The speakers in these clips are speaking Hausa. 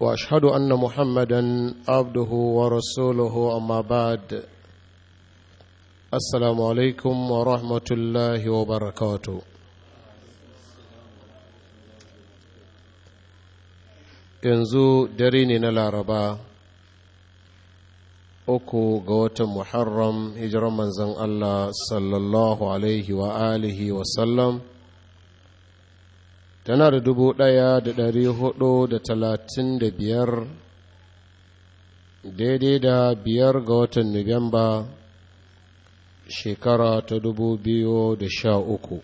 واشهد ان محمدا عبده ورسوله اما بعد السلام عليكم ورحمه الله وبركاته yanzu dare ne na laraba uku ga watan muharram hijiran manzon allah sallallahu alaihi wa alihi wasallam tana da dubu ɗaya da ɗari hudu da talatin da biyar daidai da biyar ga watan nuwamba shekara ta dubu biyu da sha uku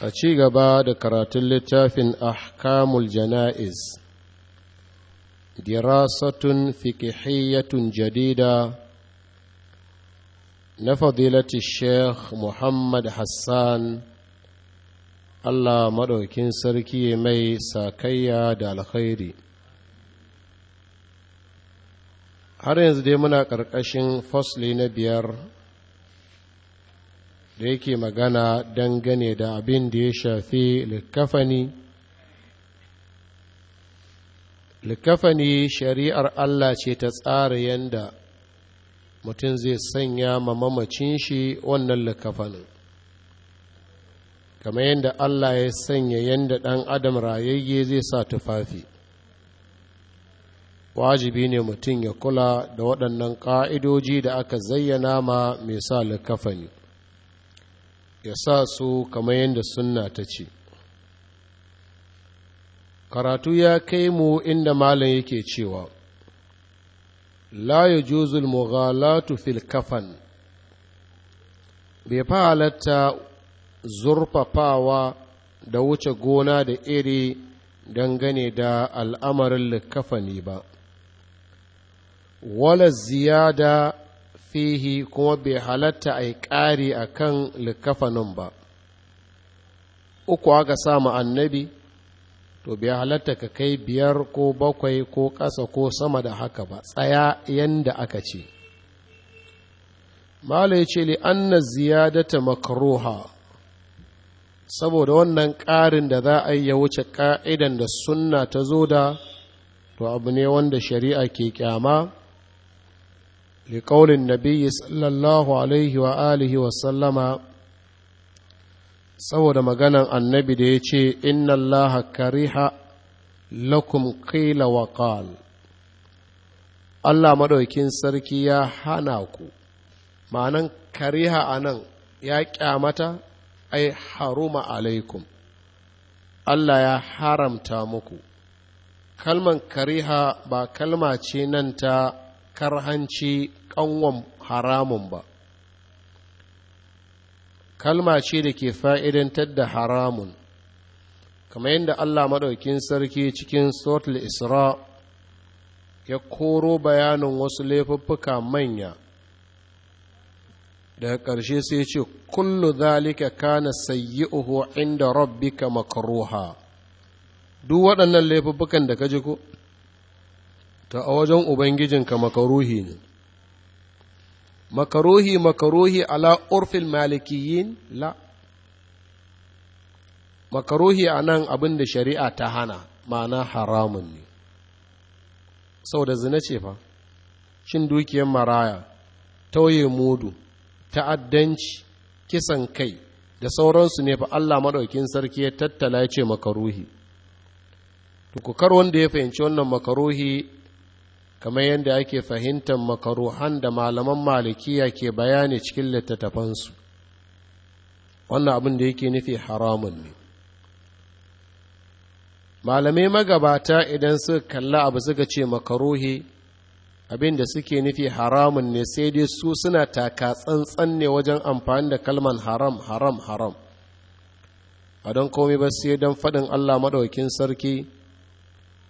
a ci gaba da karatun littafin ahkamul jana'iz dirasatun fikihiyatun jadida na fadilati sheikh muhammad hassan allah maɗaukin sarki mai sakayya da alkhairi har yanzu dai muna ƙarƙashin fasli na biyar da yake magana dangane da abin da ya shafi likafani likafani shari'ar Allah ce ta tsara yanda mutum zai sanya ma mamacin shi wannan likafanin kamar yadda Allah ya sanya yadda ɗan adam rayayye zai sa tufafi wajibi ne mutum ya kula da waɗannan ƙa'idoji da aka zayyana ma mai sa likafani ya sa su kamar yadda sunna ta ce karatu ya kai mu inda malam yake cewa la ya juzul mughalatu fil kafan bai fa halarta zurfafawa da wuce gona da iri dangane da al'amarin likafani ba wala da fihi kuma bai halarta a yi ƙari a kan likafanin ba uku aka sa annabi to biya halatta ka kai biyar ko bakwai ko ƙasa ko sama da haka ba tsaya yanda aka ce malai ya ce li anna ziyadata makruha saboda wannan ƙarin da za a yi ya wuce ƙa'idan da sunna ta zo da to abu ne wanda shari'a ke kyama li ƙaunin nabiyyi sallallahu alaihi wa alihi wa sallama saboda maganan annabi da ya ce inna allaha kariha lakum qila wa qal Allah maɗaukin sarki ya hana ku ma'anan kariha a nan ya ƙyamata ai haruma alaikum Allah ya haramta muku kalman kariha ba kalma ce nan ta karhanci ƙanwan haramun ba kalma ce da ke fa'idantar da haramun kamar yadda Allah maɗaukin sarki cikin sotul isra ya koro bayanin wasu laifuffuka manya daga ƙarshe sai ce kullu zalika kana Uhu, inda rabbika makruha duk waɗannan laifuffukan da ka ji ko ta a wajen ubangijinka makaruhi ne makaruhi makaruhi ala urfil malikiyin la makaruhi a nan abin da shari'a ta hana ma'ana haramun ne sau da zina ce fa shin dukiyar maraya tauye mudu ta'addanci kisan kai da sauransu ne fa Allah maɗaukin sarki ya tattala ya ce makaruhi to ku kar wanda ya fahimci wannan makaruhi kamar yadda ake fahimtar makaruhan da malaman malikiya ke bayani cikin littattafansu wannan abin da yake nufi haramun ne malamai magabata idan suka kalla abu suka ce makaruhi abin da suke nufi haramun ne sai dai su suna taka tsantsan ne wajen amfani da kalman haram haram haram a don komai ba sai don faɗin allah maɗaukin sarki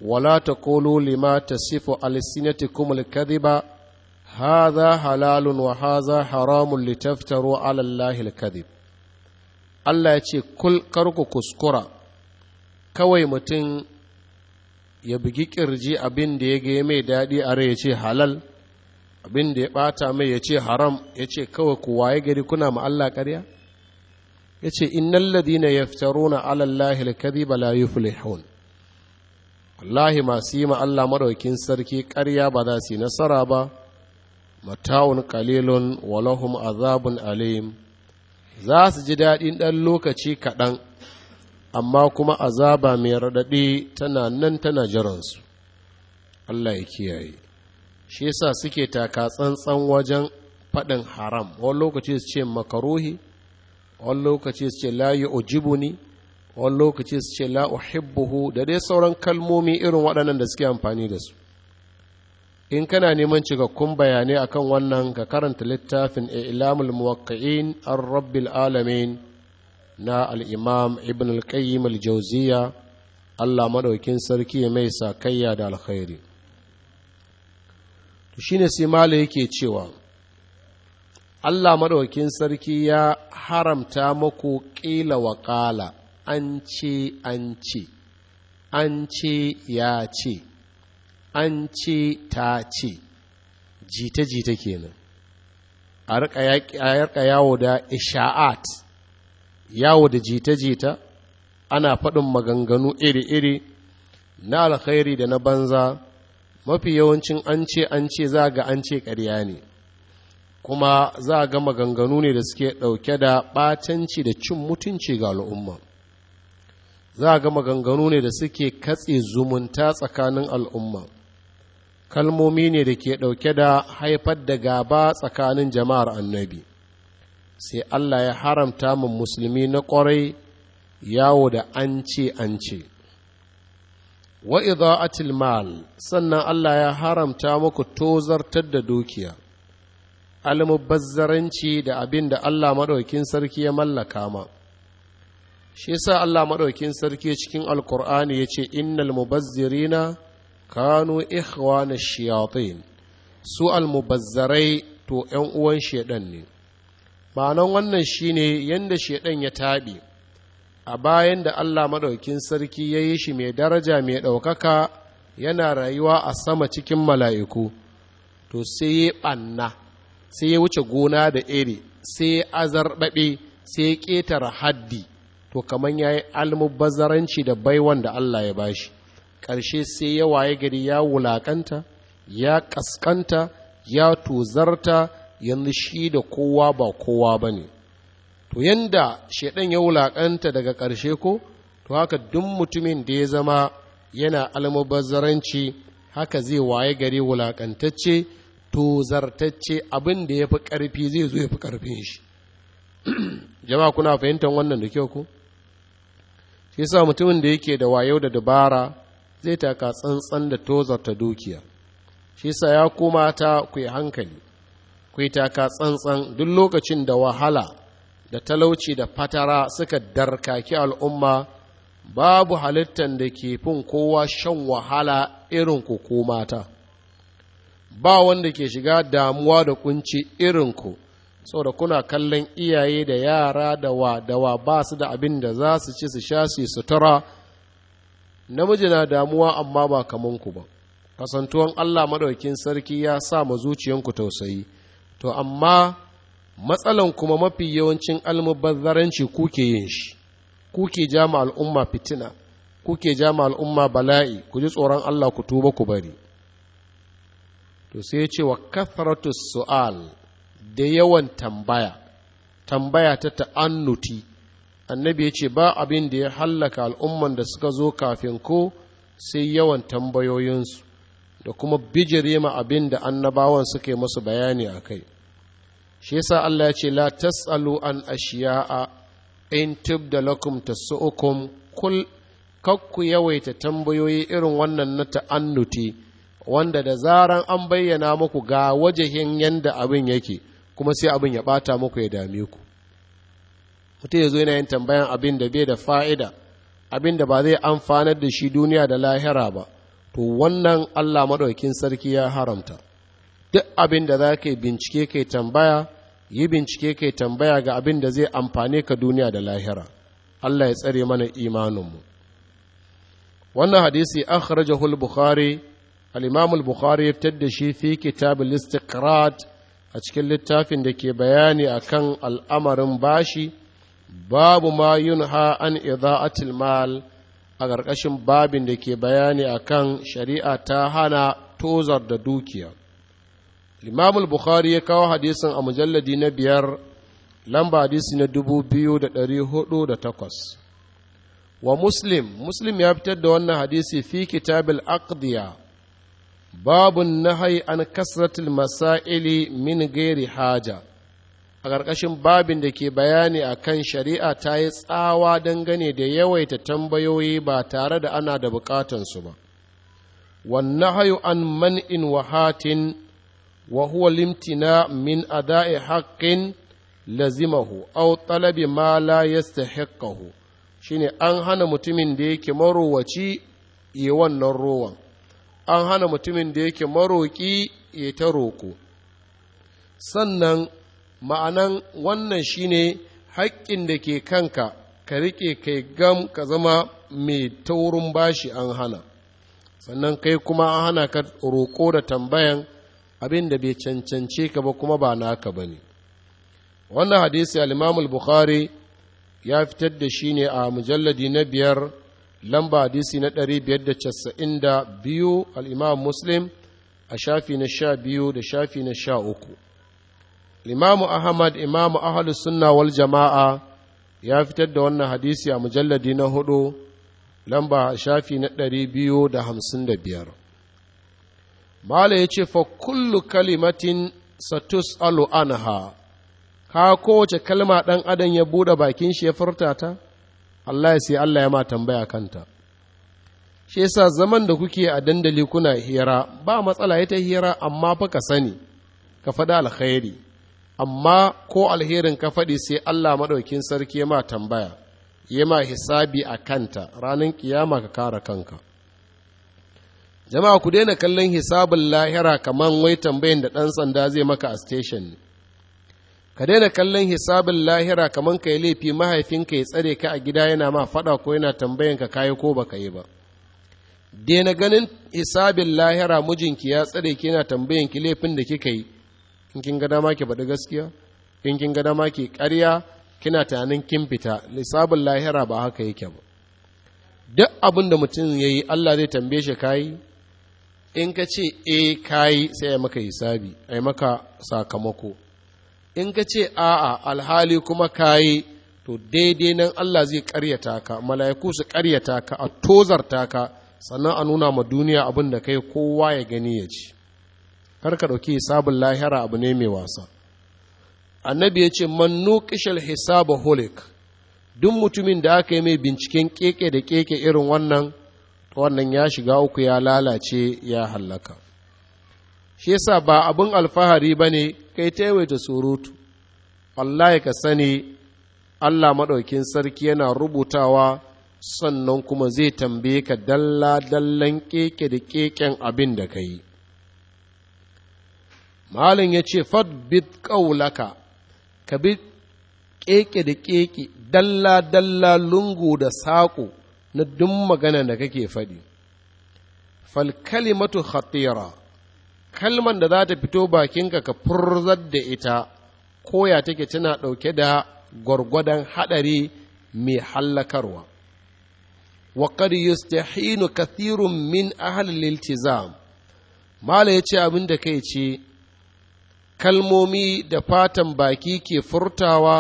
wala taqulu lima tasifu alsinatukum alkadhiba hadha halalun wa hadha haramun litaftaru ala allahi Allah ya ce kul karku kuskura kawai mutum ya bugi ƙirji abin da ya ga mai daɗi a rai ya ce halal abin da ya ɓata mai ya ce haram ya ce kawai kuwa ya gari kuna ma Allah ƙarya ya ce innan ladina ya fitaro na alallahi alkadhiba la yuflihun wallahi masu yi ma Allah maɗaukin sarki karya ba za su yi nasara ba mata'un kalilun walahum azabun alim za su ji daɗin ɗan lokaci kaɗan amma kuma azaba mai raɗaɗi tana nan tana jiransu Allah ya kiyaye shi yasa suke taka tsantsan wajen faɗin haram wani lokaci su ce makaruhi wani lokaci su ce layi ojibuni wani lokaci su ce la'uhibbuhu uhibbuhu da dai sauran kalmomi irin waɗannan da suke amfani da su in kana neman cikakkun bayanai akan wannan ka karanta littafin ilamul muwakkain an rabbil alamin na al'imam ibn al-qayyim al-jauziya Allah maɗaukin sarki mai sakayya da alkhairi to shine sai mala yake cewa Allah maɗaukin sarki ya haramta maku ƙila wa ƙala an ce an ce an ce ya ce an ce ta ce jita-jita kenan a rika yawo da isha'at yawo da jita-jita ana faɗin maganganu iri-iri na alkhairi da na banza mafi yawancin an ce an ce za ga an ce ƙarya ne kuma za ga maganganu ne da suke ɗauke da ɓatanci da cin mutunci ga al'umma za a ga maganganu ne da suke katse zumunta tsakanin al'umma kalmomi ne da ke ɗauke da haifar da gaba tsakanin jama'ar annabi sai Allah ya haramta min musulmi na ƙwarai yawo da an ce an ce wa mal sannan Allah ya haramta muku tozartar da dukiya almubazzaranci da abin da Allah maɗaukin sarki ya mallaka ma shi sa Allah maɗaukin sarki cikin alkur'ani yace innal mubazzirina kanu ikhwana shayatin su almubazzarai to 'yan uwan shedan ne ma'anan wannan shine yadda shaɗan ya taɓi a bayan da Allah maɗaukin sarki ya yi shi mai daraja mai ɗaukaka yana rayuwa a sama cikin mala'iku to sai ya ɓanna sai ya wuce gona da iri sai ya azarɓaɓe sai ya ƙetare haddi to kamar ya yi almubazzaranci da baiwan da Allah ya bashi ƙarshe sai ya waye gari ya wulaƙanta ya ƙasƙanta ya tozarta yanzu shi da kowa ba kowa ba ne to yanda shaidan ya wulaƙanta daga ƙarshe ko to haka duk mutumin da ya zama yana almubazzaranci haka zai waye gari wulaƙantacce tozartacce abin da ya fi ƙarfi zai zo ya fi ƙarfin shi jama'a kuna fahimtar wannan da kyau ko shi sa mutumin da yake da wayo da dabara zai taka tsantsan da tozarta dukiya shi sa ya koma ta ku hankali ku taka tsantsan duk lokacin da wahala da talauci da fatara suka darkaki al'umma babu halittar da ke fin kowa shan wahala irin ku ko mata ba wanda ke shiga damuwa da kunci irin ku saboda kuna kallon iyaye da yara da wa da wa ba su da abin da za su ci su sha su sutura namiji na damuwa amma ba kaman ku ba kasantuwan Allah madaukin sarki ya sa mu zuciyanku tausayi to amma matsalan kuma mafi yawancin almubazzaranci kuke yin shi kuke jama al'umma fitina kuke jama al'umma bala'i ku ji tsoron Allah ku tuba ku bari to sai ya ce wa kathratu su'al da yawan tambaya tambaya ta ta'annuti annabi ya ce ba abin da ya hallaka al'umman da suka zo kafin ko sai yawan tambayoyinsu da kuma bijire ma abin da annabawan suke masu bayani a kai shi yasa Allah ya ce la tas'alu an ashiya'a in tubda lakum tasu'ukum kul kakku yawaita tambayoyi irin wannan na ta'annuti wanda da zaran an bayyana muku ga wajahin yanda abin yake kuma sai abin ya bata muku ya dame ku mutum ya zo yana yin tambayan abin da bai da fa'ida abin da ba zai amfanar da shi duniya da lahira ba to wannan allah maɗaukin sarki ya haramta duk abin da za ka bincike kai tambaya yi bincike kai tambaya ga abin da zai amfane ka duniya da lahira allah ya tsare mana imaninmu wannan hadisi an kharajahu al-bukhari al imamul bukhari ya fitar da shi fi kitab al-istiqrat a cikin littafin da ke bayani a kan al'amarin bashi babu ma ha an a mal a ƙarƙashin babin da ke bayani a kan shari'a ta hana tozar da dukiya limamul bukhari ya kawo hadisin a mujalladi na biyar lamba hadisi na dubu biyu da ɗari hudu da takwas wa muslim muslim ya fitar da wannan hadisi fi kitabil aqdiya babun nahai an kasratul masaili min gairi haja a ƙarƙashin babin da ke bayani a kan shari'a ta yi tsawa dangane da yawaita tambayoyi ba tare da ana da buƙatansu ba wannan hayu an man'in wahatin wa huwa limtina min ada'i haƙƙin lazimahu au talabi ma la yastahiqqahu shine an hana mutumin da yake marowaci yi wannan rowan an hana mutumin da yake maroƙi ya ta roƙo sannan ma'anan wannan shine haƙƙin da ke kanka ka riƙe kai gam ka zama mai taurin bashi an hana sannan kai kuma an hana ka roƙo da tambayan abin da bai cancance ka ba kuma ba naka ba ne wannan hadisi al bukhari ya fitar da shi ne a mujalladi na biyar lamba hadisi na 592 al'imam muslim a shafi na sha biyu da shafi na sha uku imamu ahmad imamu ahalu sunna wal jama'a ya fitar da wannan hadisi a mujalladi na hudu lamba a shafi na 255. biyu da hamsin da biyar mala ya ce fa kullu kalimatin satus alu anha ka kowace kalma ɗan adam ya buɗe bakin shi ya furta ta Allah ya sai Allah ya ma tambaya kanta shi yasa zaman da kuke a dandali kuna hira ba matsala ita hira amma fa ka sani ka faɗi alkhairi amma ko alherin ka faɗi sai Allah maɗaukin sarki ya ma tambaya ya ma hisabi a kanta ranar kiyama ka kara kanka jama'a ku daina kallon hisabin lahira kamar wai tambayin da ɗan sanda zai maka a station ka daina kallon hisabin lahira kamar ka yi laifi mahaifinka ya tsare ka a gida yana ma faɗa ko yana tambayan ka kayi ko baka yi ba daina ganin hisabin lahira mijinki ya tsare ki yana tambayan ki laifin da kika yi in kin ga dama ki faɗi gaskiya in kin ga dama ki ƙarya kina tunanin kin fita hisabin lahira ba haka yake ba duk abin da mutum ya yi Allah zai tambaye shi kayi in ka ce e eh, kayi sai ya maka hisabi a maka sakamako in ka ce a'a alhali kuma kayi to daidai nan Allah zai karyata ka mala'iku su karyata ka a tozarta ka sannan a nuna ma duniya abin da kai kowa ya gani ya ci kar ka ɗauki hisabin lahira abu ne mai wasa annabi ya ce man nuqishal hisaba holik duk mutumin da aka yi mai binciken keke da keke irin wannan wannan ya shiga uku ya lalace ya hallaka shi yasa ba abin alfahari ba ne kai ta surutu wallahi ka sani Allah maɗaukin sarki yana rubutawa sannan kuma zai tambaye ka dalla dallan keke da keken abin da ka yi malin ya ce fadbit ƙaulaka ka bi keke da keke dalla dalla lungu da saƙo na duk magana da kake faɗi falkalimatu khatira kalman da za ta fito bakinka ka furzar da ita koya take tana ɗauke da gwargwadon haɗari mai hallakarwa wa qad yustahinu kathirun min ahli liltizam mala ce abin da kai ce kalmomi da fatan baki ke furtawa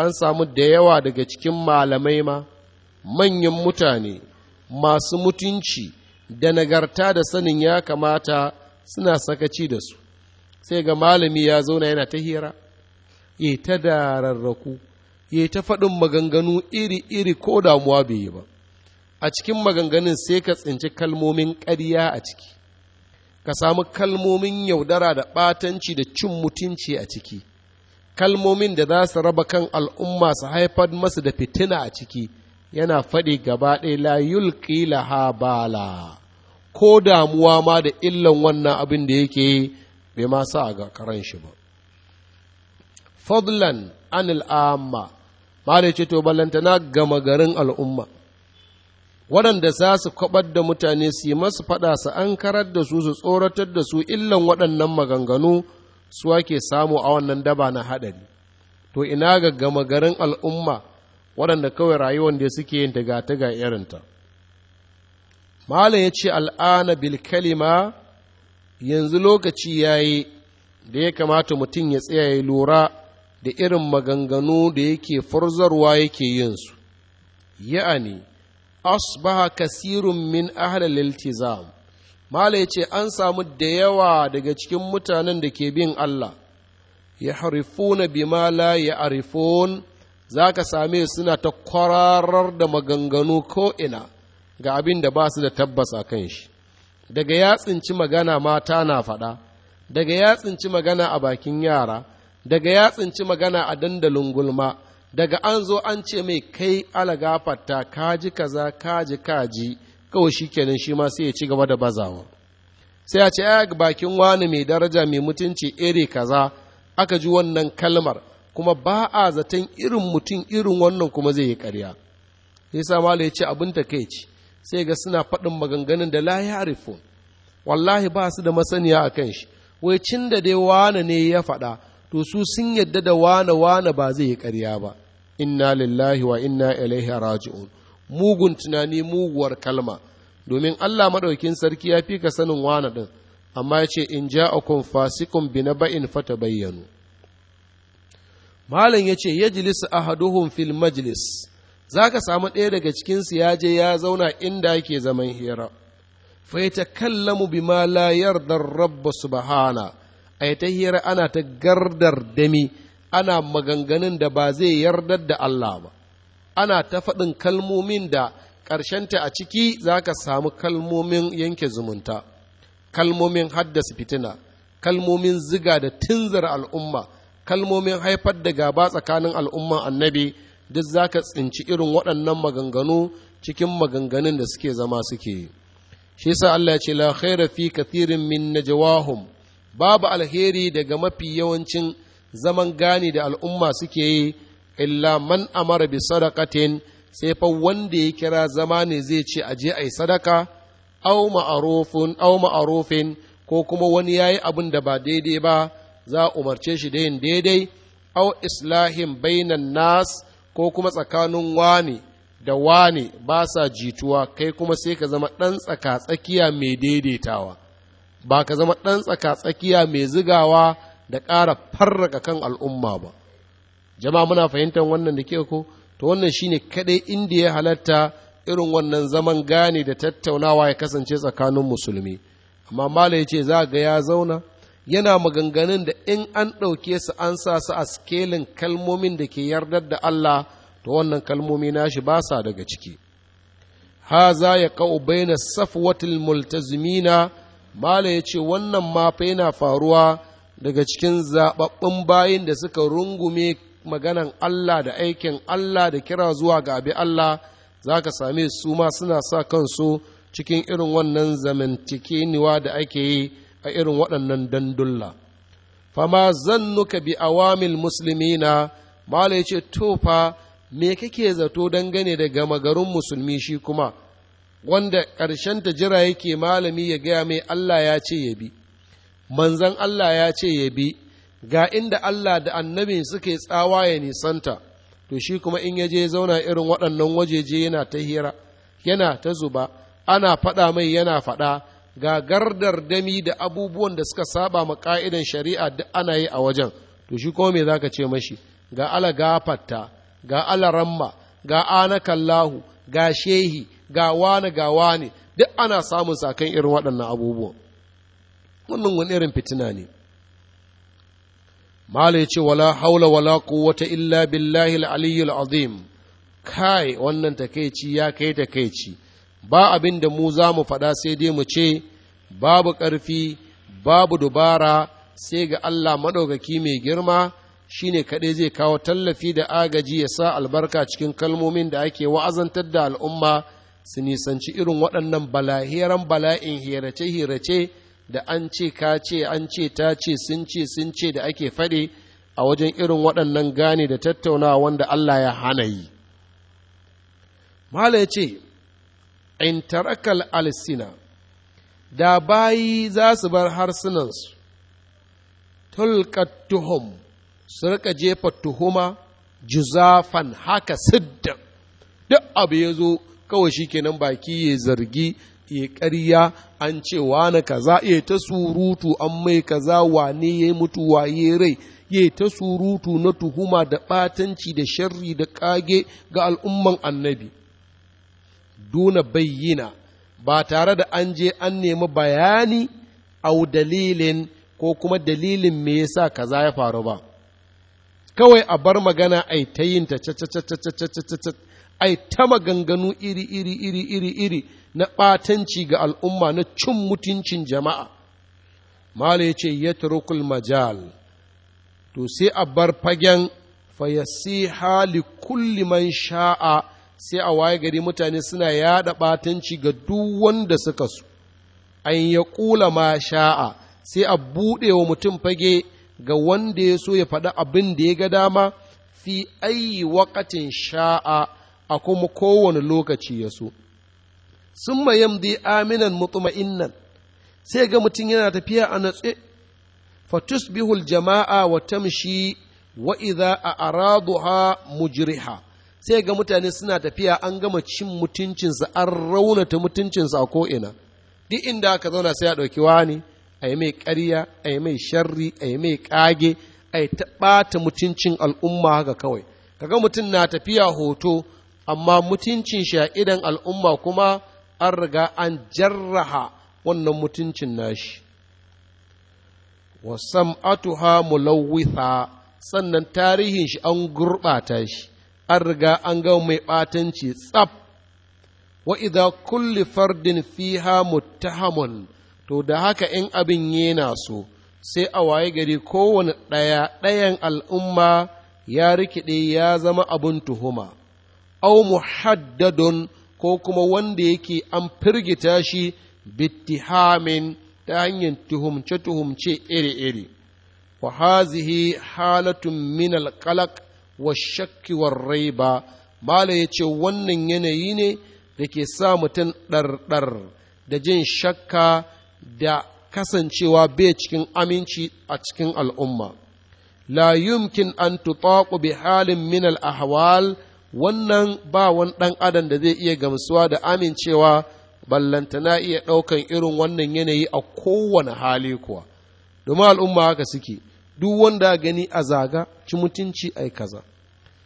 an samu da yawa daga cikin malamai ma manyan mutane masu mutunci da nagarta da sanin ya kamata suna sakaci da su sai ga malami ya zauna yana ta hira ya ta dararraku ya ta faɗin maganganu iri-iri ko damuwa bai yi ba a cikin maganganun sai ka tsinci kalmomin ƙarya a ciki ka samu kalmomin yaudara da ɓatanci da cin mutunci a ciki kalmomin da za su raba kan al'umma su haifar masu da fitina a ciki yana faɗi gaba ɗaya la yulki bala ko damuwa ma da illan wannan abin da yake yi bai ma sa ga karan shi ba fadlan anil amma malai ce to ballantana gama garin al'umma waɗanda za su kwabar da mutane su yi masu faɗa su an karar da su su tsoratar da su illan waɗannan maganganu su ake samu a wannan daba na haɗari to ina ga gama garin al'umma waɗanda kawai rayuwar da suke yin ta ga irinta Malam ya ce al'ana Bilkalima yanzu lokaci ya yi da ya kamata mutum ya tsaya ya lura da irin maganganu da yake farzarwa yake yinsu, ya'ani, asbaha kasirun min ahlal iltizam Malam ya ce an samu da yawa daga cikin mutanen da ke bin Allah, ya harifuna bima mala ya arifun, za ka same suna ta kwararar da maganganu ko'ina. ga abin da ba su da tabbas a kan shi daga ya tsinci magana mata na faɗa daga ya tsinci magana a bakin yara daga ya tsinci magana a dandalin gulma daga an zo an ce mai kai alagafarta kaji kaza kaji kaji kawai shi kenan shi ma sai ya ci gaba da bazawa sai a ce a bakin wani mai daraja mai mutunci iri kaza aka ji wannan kalmar kuma ba a zaton irin mutum irin wannan kuma zai yi karya. yasa ya ce abin ta sai ga suna faɗin maganganun da lahi harifun wallahi ba su da masaniya a kan shi wai cin da dai wane ne ya faɗa to su sun yadda da wane wane ba zai yi karya ba inna lillahi wa inna ilaihi raji'un mugun tunani muguwar kalma domin Allah maɗaukin sarki ya fi ka sanin wane ɗin amma ya ce in ja'akum fasikun bi naba'in fatabayyanu malam ya ce ahaduhum fil majlis za ka samu ɗaya daga cikinsu ya je ya zauna inda yake zaman hira faita kallamu bi ma la yardar rabba subhana A ta hira ana ta gardar dami ana maganganun da ba zai yardar da Allah ba ana ta faɗin kalmomin da ta a ciki za ka samu kalmomin yanke zumunta kalmomin haddasa fitina kalmomin ziga da tunzar al'umma kalmomin haifar da gaba tsakanin al'umman annabi duk za ka tsinci irin waɗannan maganganu cikin maganganun da suke zama suke shi sa Allah ya ce la khaira fi kathirin min najwahum babu alheri daga mafi yawancin zaman gani da al'umma suke yi illa man amara bi sadaqatin sai fa wanda ya kira zama ne zai ce a je ai sadaka au ma'rufun aw ma'rufin ko kuma wani yayi abin da ba daidai ba za a umarce shi da yin daidai au islahin bainan nas ko kuma tsakanin wani da wani ba sa jituwa kai kuma sai ka zama ɗan tsaka-tsakiya mai daidaitawa ba ka zama ɗan tsaka-tsakiya mai zigawa da ƙara farraka kan al'umma ba jama'a muna fahimtar wannan da ke ko to wannan shine kaɗai inda ya halatta irin wannan zaman gane da tattaunawa ya kasance tsakanin musulmi amma mala ya ce za ga ya zauna yana maganganun da in an ɗauke su an sa su a skelin kalmomin da ke yardar da Allah to wannan kalmomi nashi ba sa daga ciki Ha za ya ka'u baina safwatil multazimina mala ya ce wannan ma yana faruwa daga cikin zaɓaɓɓun bayin da suka rungume maganan Allah da aikin Allah da kira zuwa ga abi Allah za ka same su ma suna sa kansu cikin irin wannan zamantakeniwa da ake yi a irin waɗannan dandulla fama nuka bi awamil na mala yace tofa me kake zato dangane da gama garin musulmi shi kuma wanda ƙarshen ta jira yake malami ya gaya mai Allah ya ce ya bi manzan Allah ya ce ya bi ga inda Allah da annabin suke tsawa ya nisanta to shi kuma in yaje ya zauna irin waɗannan wajeje yana ta hira yana ta zuba ana faɗa mai yana faɗa ga gardar dami da abubuwan da suka saba ma ƙa'idan shari'a da ana yi a wajen to shi ko me zaka ce mashi ga ala gafatta ga ala ramma ga ana kallahu ga shehi ga wani ga wani duk ana samun sakan irin waɗannan abubuwan wannan wani irin fitina ne mala ya ce wala haula wala quwwata illa billahi al-aliyyul azim kai wannan takeici ya kai takeici ba abin da mu za mu faɗa sai dai mu ce babu ƙarfi babu dubara sai ga Allah maɗaukaki mai girma shine ne kaɗai zai kawo tallafi da agaji ya sa albarka cikin kalmomin da ake wa'azantar da al'umma su nisanci irin waɗannan balahiran bala'in hirace-hirace da an ce ka ce an ce ta ce sun ce sun ce da ake faɗi a wajen irin waɗannan gane da tattaunawa wanda Allah ya hana yi. Mala ya ce, in tarakal alsina da bayi za su bar harsunansu tulkat tuhum su rika jefa tuhuma juzafan haka sidda duk abu ya zo kawai shi kenan baki ya zargi ya karya an ce wani kaza ya ta surutu an mai kaza ne ya mutu waye rai ya ta surutu na tuhuma da ɓatanci da sharri da ƙage ga al'umman annabi duna bayyina ba tare da an je an nemi bayani au dalilin ko kuma dalilin me yasa kaza ya faru ba kawai a bar magana ai ta yin ta ai ta maganganu iri iri iri iri iri na ɓatanci ga al'umma na cin mutuncin jama'a mala ya ce majal to sai a bar fagen fayasi hali kulli man sha'a sai a waye gari mutane suna yada batanci ga duk wanda suka su an ya kula ma sha'a sai a buɗewa wa mutum fage ga wanda ya so ya faɗi abin da ya ga dama fi ayi wakatin sha'a a kuma kowane lokaci ya so sun mayam aminan mutuma'innan sai ga mutum yana tafiya a natse fatusbihul jama'a wa tamshi wa idza a araduha mujriha sai ga mutane suna tafiya an gama cin mutuncinsa an raunata mutuncinsa a ko'ina duk inda aka zauna sai a ɗauki wani a yi mai ƙarya a yi mai sharri a yi mai ƙage a yi taɓata mutuncin al'umma haka kawai Ka ga mutum na tafiya hoto amma mutuncin shi a idan al'umma kuma an riga an jarraha wannan mutuncin nashi Wasan atuha mulawwitha sannan tarihin shi an gurɓata shi an riga an gama mai ɓatanci tsaf wa idha kulli fardin fiha muttahamun to da haka in abin yana so sai a waye gari kowane ɗaya ɗayan al'umma ya rikide ya zama abin tuhuma au muhaddadun ko kuma wanda yake an firgita shi bittihamin ta hanyar tuhumce tuhumce iri iri wa hazihi halatun min alƙalaƙ wa shakki rai ba Malam ya ce wannan yanayi ne da ke sa mutum ɗarɗar da jin shakka da kasancewa bai cikin aminci a cikin al'umma la yumkin an tutaku bi halin min ahwal wannan ba wani ɗan adam da zai iya gamsuwa da amincewa ballanta na iya ɗaukan irin wannan yanayi a kowane hali kuwa domin al'umma haka suke duk wanda gani a zaga ci mutunci ai kaza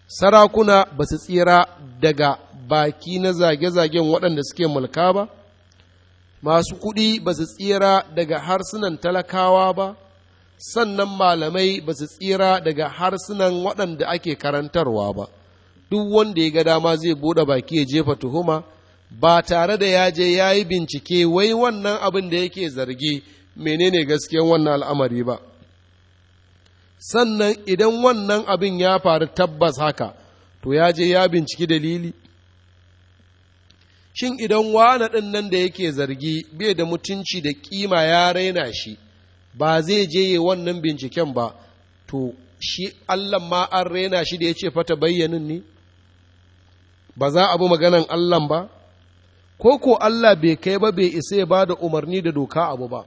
sarakuna ba su tsira daga baki na zage-zagen waɗanda suke mulka ba masu kuɗi ba su tsira daga harsunan talakawa ba sannan malamai ba su tsira daga harsunan waɗanda ake karantarwa ba duk wanda ya ga dama zai buɗe baki ya jefa tuhuma ba tare da ya je ya yi bincike wai wannan abin da yake zargi menene gaskiyan wannan al'amari ba sannan idan wannan abin ya faru tabbas haka to ya je ya binciki dalili shin idan wane ɗin nan da yake zargi bai da mutunci da kima ya raina shi ba zai je yi wannan binciken ba to shi allah ma an raina shi da ya ce fata bayyanin ne ba za a bi maganan allah ba ko ko allah bai kai ba bai isa ya ba da umarni da doka abu ba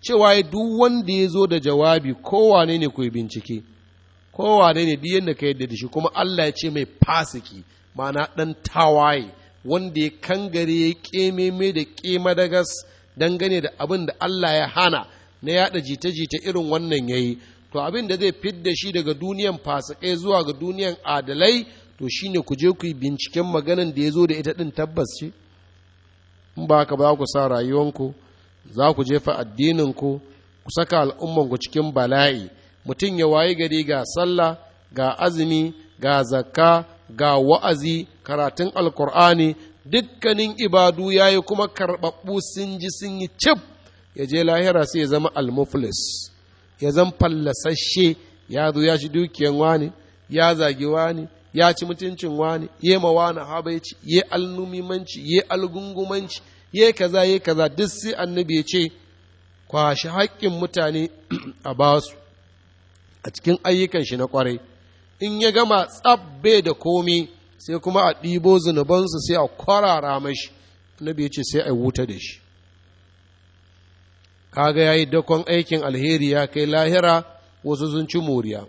cewa ya duk wanda ya zo da jawabi kowane ne ku bincike kowane ne duk yadda ka yadda da shi kuma Allah ya ce mai fasiki ma'ana ɗan tawaye wanda ya kangare ya ƙeme mai da ƙema da dangane da abin da Allah ya hana na yaɗa jita-jita irin wannan ya yi to abin da zai fidda shi daga duniyan fasikai zuwa ga duniyan adalai to shine ku je ku yi binciken maganan da ya zo da ita din tabbas ce in ba ka ba ku sa rayuwanku za ku jefa addininku ku saka al'ummanku cikin bala'i mutum ya wayi gari ga sallah ga azumi ga zakka ga wa'azi karatun alkur'ani dukkanin ibadu ya yi kuma karɓaɓɓu sun ji sun yi cif ya je lahira sai ya zama almuflis ya zan fallasashe ya zo ya shi dukiyan wani ya zagi wani ya ci mutuncin wani ya mawa mawana habaici ya alnumimanci ya algungumanci ye kaza ya kaza duk sai annabi ya ce kwashi haƙƙin mutane a basu a cikin ayyukan shi na kwarai in ya gama tsabbe da komai sai kuma a ɗibo zunubansu sai a kwarara mashi annabi ya ce sai a wuta da shi kaga yayi dakon aikin alheri ya kai lahira wasu sun ci moriya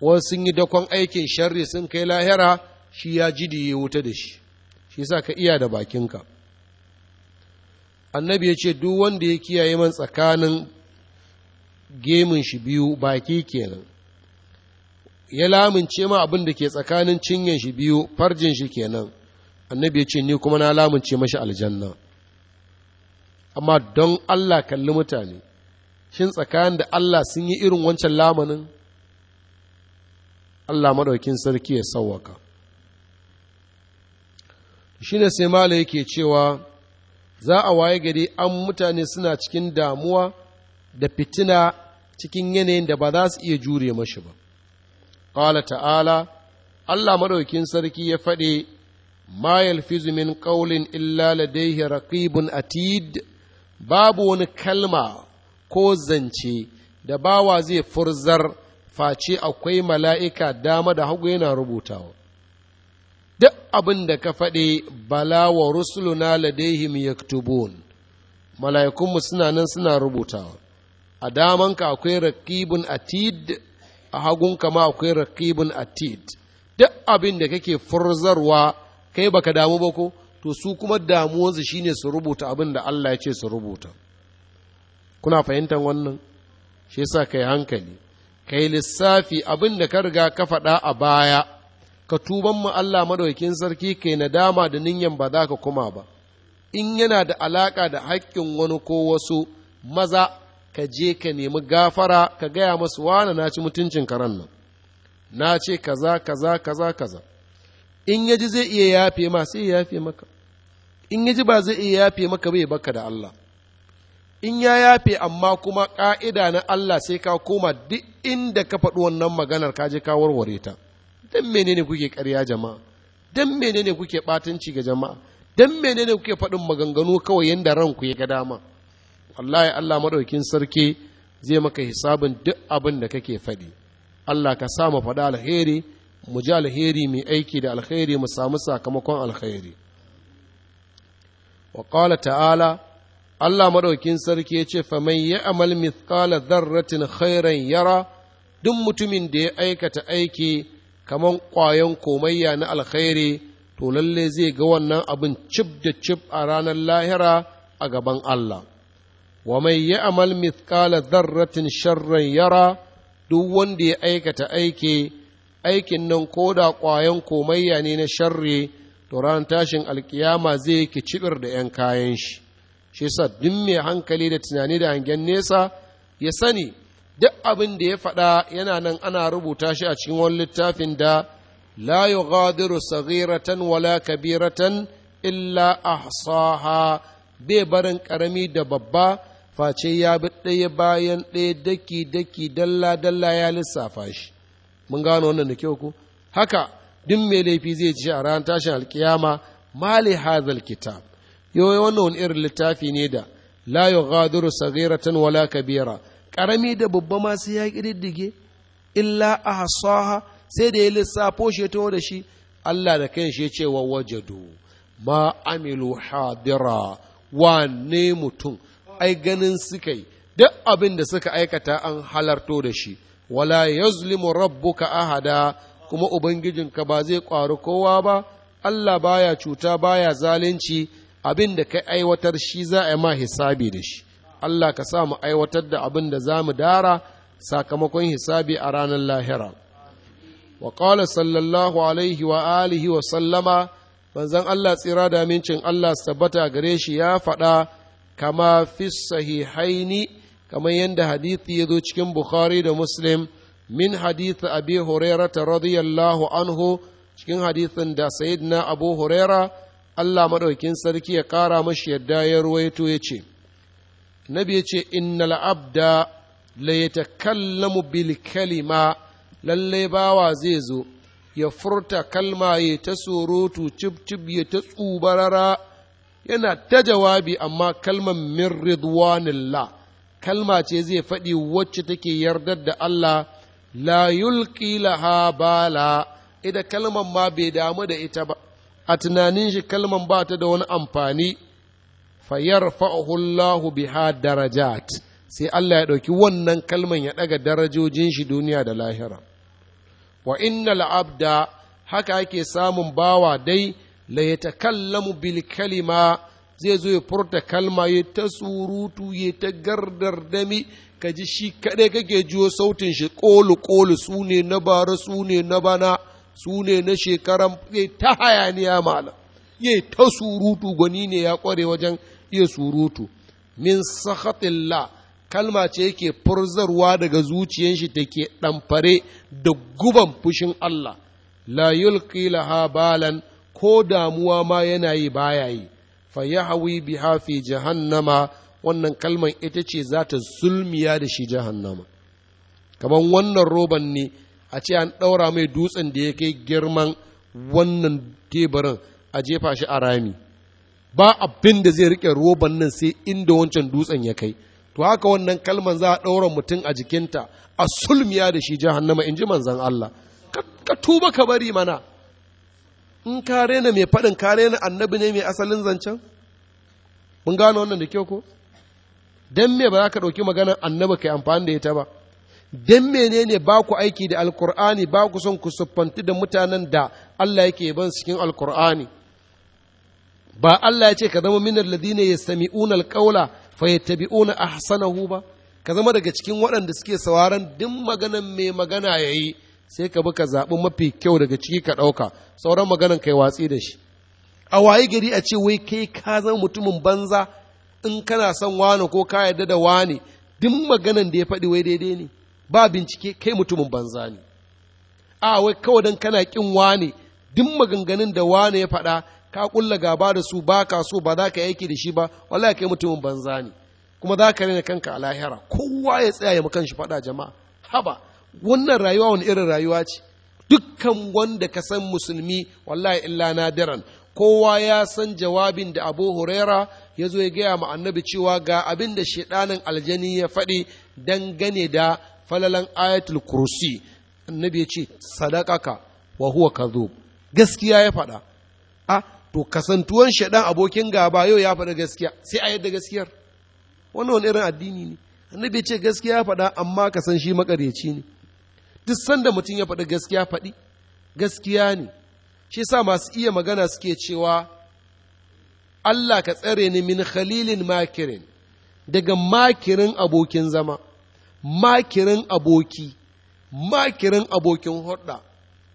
wasu sun yi dakon aikin sharri sun kai lahira shi ya ji da ya wuta da shi shi sa ka iya da bakinka annabi ya ce duk wanda ya kiyaye man tsakanin gemun shi biyu baki kenan ya lamince ma abin da ke tsakanin cinyen shi biyu farjin shi kenan annabi ya ce ni kuma na lamince mashi aljanna amma don Allah kalli mutane shin tsakanin da Allah sun yi irin wancan lamanin Allah maɗaukin sarki ya sauwaka shi ne sai mala yake cewa za a waye gari an mutane suna cikin damuwa da fitina cikin yanayin da ba za su iya jure mashi ba ƙala ta'ala Allah maɗaukin sarki ya faɗe ma yalfizu min ƙaulin illa ladaihi raqibun atid babu wani kalma ko zance da bawa zai furzar face akwai mala'ika dama da hagu yana rubutawa abin da ka faɗe bala wa rusuluna ladaihim yaktubun mala'ikunmu suna nan suna rubutawa a damanka akwai rakibun atid a hagunka ma akwai rakibun atid duk abin da kake furzarwa kai baka damu ba ko to su kuma damuwarsu shine su rubuta abin da Allah ya ce su rubuta kuna fahimtar wannan shi yasa kai hankali kai lissafi abin da ka riga ka faɗa a baya ka tuban mu Allah madaukin sarki kai nadama da ninyan ba za ka kuma ba in yana da alaka da haƙƙin wani ko wasu maza ka je ka nemi gafara ka gaya masu wane na ci mutuncin karen nan na ce kaza kaza kaza kaza in ya ji zai iya yafe ma sai ya yafe maka in ya ji ba zai iya yafe maka bai baka da Allah in ya yafe amma kuma ƙa'ida na Allah sai ka koma duk inda ka faɗi wannan maganar ka je ka warware ta dan menene kuke ƙarya jama'a dan menene kuke batanci ga jama'a dan menene kuke faɗin maganganu kawai yanda ranku ya ga dama wallahi Allah maɗaukin sarki zai maka hisabin duk abin da kake faɗi Allah ka sa mu faɗa alheri mu ji alheri mai aiki da alheri mu samu sakamakon alheri wa ta'ala Allah maɗaukin sarki ya ce faman ya amal mithqala dharratin khairan yara duk mutumin da ya aikata aiki kamar ƙwayon komayya na alkhairi to lalle zai ga wannan abin cib da cib a ranar lahira a gaban Allah wa mai ya amal mithqala zarratin sharran yara duk wanda ya aikata aiki aikin nan ko da ƙwayon komayya ne na sharri to ran tashin alkiyama zai ki cibir da ‘yan kayan shi shi sa duk mai hankali da tunani da hangen nesa ya sani duk abin da ya faɗa yana nan ana rubuta shi a cikin wani littafin da la yughadiru saghiratan wala kabiratan illa ahsaha bai barin karami da babba face ya bi ɗaya bayan ɗaya daki daki dalla dalla ya lissafa shi mun gano wannan da kyau ku haka duk mai laifi zai ci a ran tashin alkiyama mali hazal kitab yau wannan wani irin littafi ne da la yughadiru saghiratan wala kabira ƙarami da babba ma sai ya ƙididdige illa a hasaha sai da ya lissafo shi to da shi Allah da kai shi ya waje wajadu ma amilu hadira wane mutum ai ganin suka yi duk abin da suka aikata an halarto da shi wala yazlimu rabbuka ahada kuma ubangijinka ba zai ƙwari kowa ba Allah baya cuta baya zalunci abin da ka aiwatar shi za a yi ma hisabi da shi Allah ka sa mu aiwatar da abin da za mu dara sakamakon hisabi a ranar lahira wa ƙawar sallallahu alaihi wa alihi wa sallama manzon Allah tsira da amincin Allah tabbata gare shi ya faɗa kama fi sahihaini kamar yadda hadithi ya zo cikin Bukhari da Muslim min hadithi Abi Hurairata radiyallahu anhu cikin hadithin da sayidina Abu Huraira Allah maɗaukin sarki ya ƙara mashi yadda ya ruwaito ya ce nabi ya ce innal abda la yatakallamu bil kalima lalle bawa zai zo ya furta kalma ya ta surutu cib ya ta tsubarara yana ta jawabi amma kalman min ridwanillah kalma ce zai faɗi wacce take yardar da Allah la yulqi laha bala ida kalman ma bai damu da ita ba a tunanin shi kalman ba ta da wani amfani fayarfa'uhu Allahu biha darajat sai Allah ya ɗauki wannan kalman ya ɗaga darajojin shi duniya da lahira wa inna la'abda haka ake samun bawa dai la ya kallamu bil kalima zai zo ya furta kalma ya ta surutu ya ta gardardami ka ji shi kaɗai kake jiyo sautin shi ƙolu ƙolu su ne na bara su ne na bana su ne na shekaran ta hayaniya malam ya ta surutu gwani ne ya ƙware wajen iya surutu min sakhatillah kalma ce yake furzarwa daga zuciyar shi take ɗamfare da guban fushin Allah la yulqi laha balan ko damuwa ma yana yi baya yi fa yahwi biha fi jahannama wannan kalman ita ce za ta zulmiya da shi jahannama kamar wannan roban ne a ce an ɗaura mai dutsen da ya kai girman wannan teburin a jefa shi a rami ba abin da zai rike roban nan sai inda wancan dutsen ya kai to haka wannan kalman za a ɗaura mutum a jikinta a sulmiya da shi jahannama in ji manzan Allah ka tuba ka bari mana in ka rena mai faɗin ka rena annabi ne mai asalin zancen mun gano wannan da kyau ko dan me ba za ka ɗauki maganar annabi kai amfani da ita ba dan menene ba ku aiki da alkur'ani ba ku son ku siffanti da mutanen da Allah yake ban cikin alkur'ani ba Allah ya ce ka zama minar ladina ya yastami'una alqawla a hu ba ka zama daga cikin waɗanda suke sauraron duk maganan mai magana ya yi, sai ka bi ka zaɓi mafi kyau daga ciki ka ɗauka sauran maganan kai watsi da shi a waye gari a ce wai kai ka zama mutumin banza in kana son wani ko ka yarda da wani duk maganan da ya faɗi wai daidai ne ba bincike kai mutumin banza ne a wai kawai dan kana kin wane duk maganganun da wane ya faɗa ka kulla gaba da su ba ka so ba za ka aiki da shi ba wallahi kai mutumin banza ne kuma za ka rena kanka a lahira kowa ya tsaya ya makan shi faɗa jama'a haba wannan rayuwa wani irin rayuwa ce dukkan wanda ka san musulmi wallahi illa nadiran kowa ya san jawabin da abu huraira ya zo ya gaya ma annabi cewa ga abin da shaidanin aljani ya faɗi dangane da falalan ayatul kursi annabi ya ce sadakaka wa huwa zo. gaskiya ya faɗa a ah, to kasantuwan shaɗan abokin gaba yau ya faɗa gaskiya sai a yadda gaskiyar wannan wani irin addini ne annabi ce gaskiya ya faɗa amma ka san shi makaryaci ne duk sanda mutum ya faɗi gaskiya faɗi gaskiya ne shi sa masu iya magana suke cewa Allah ka tsare ni min khalilin makirin daga makirin abokin zama makirin aboki makirin abokin hudda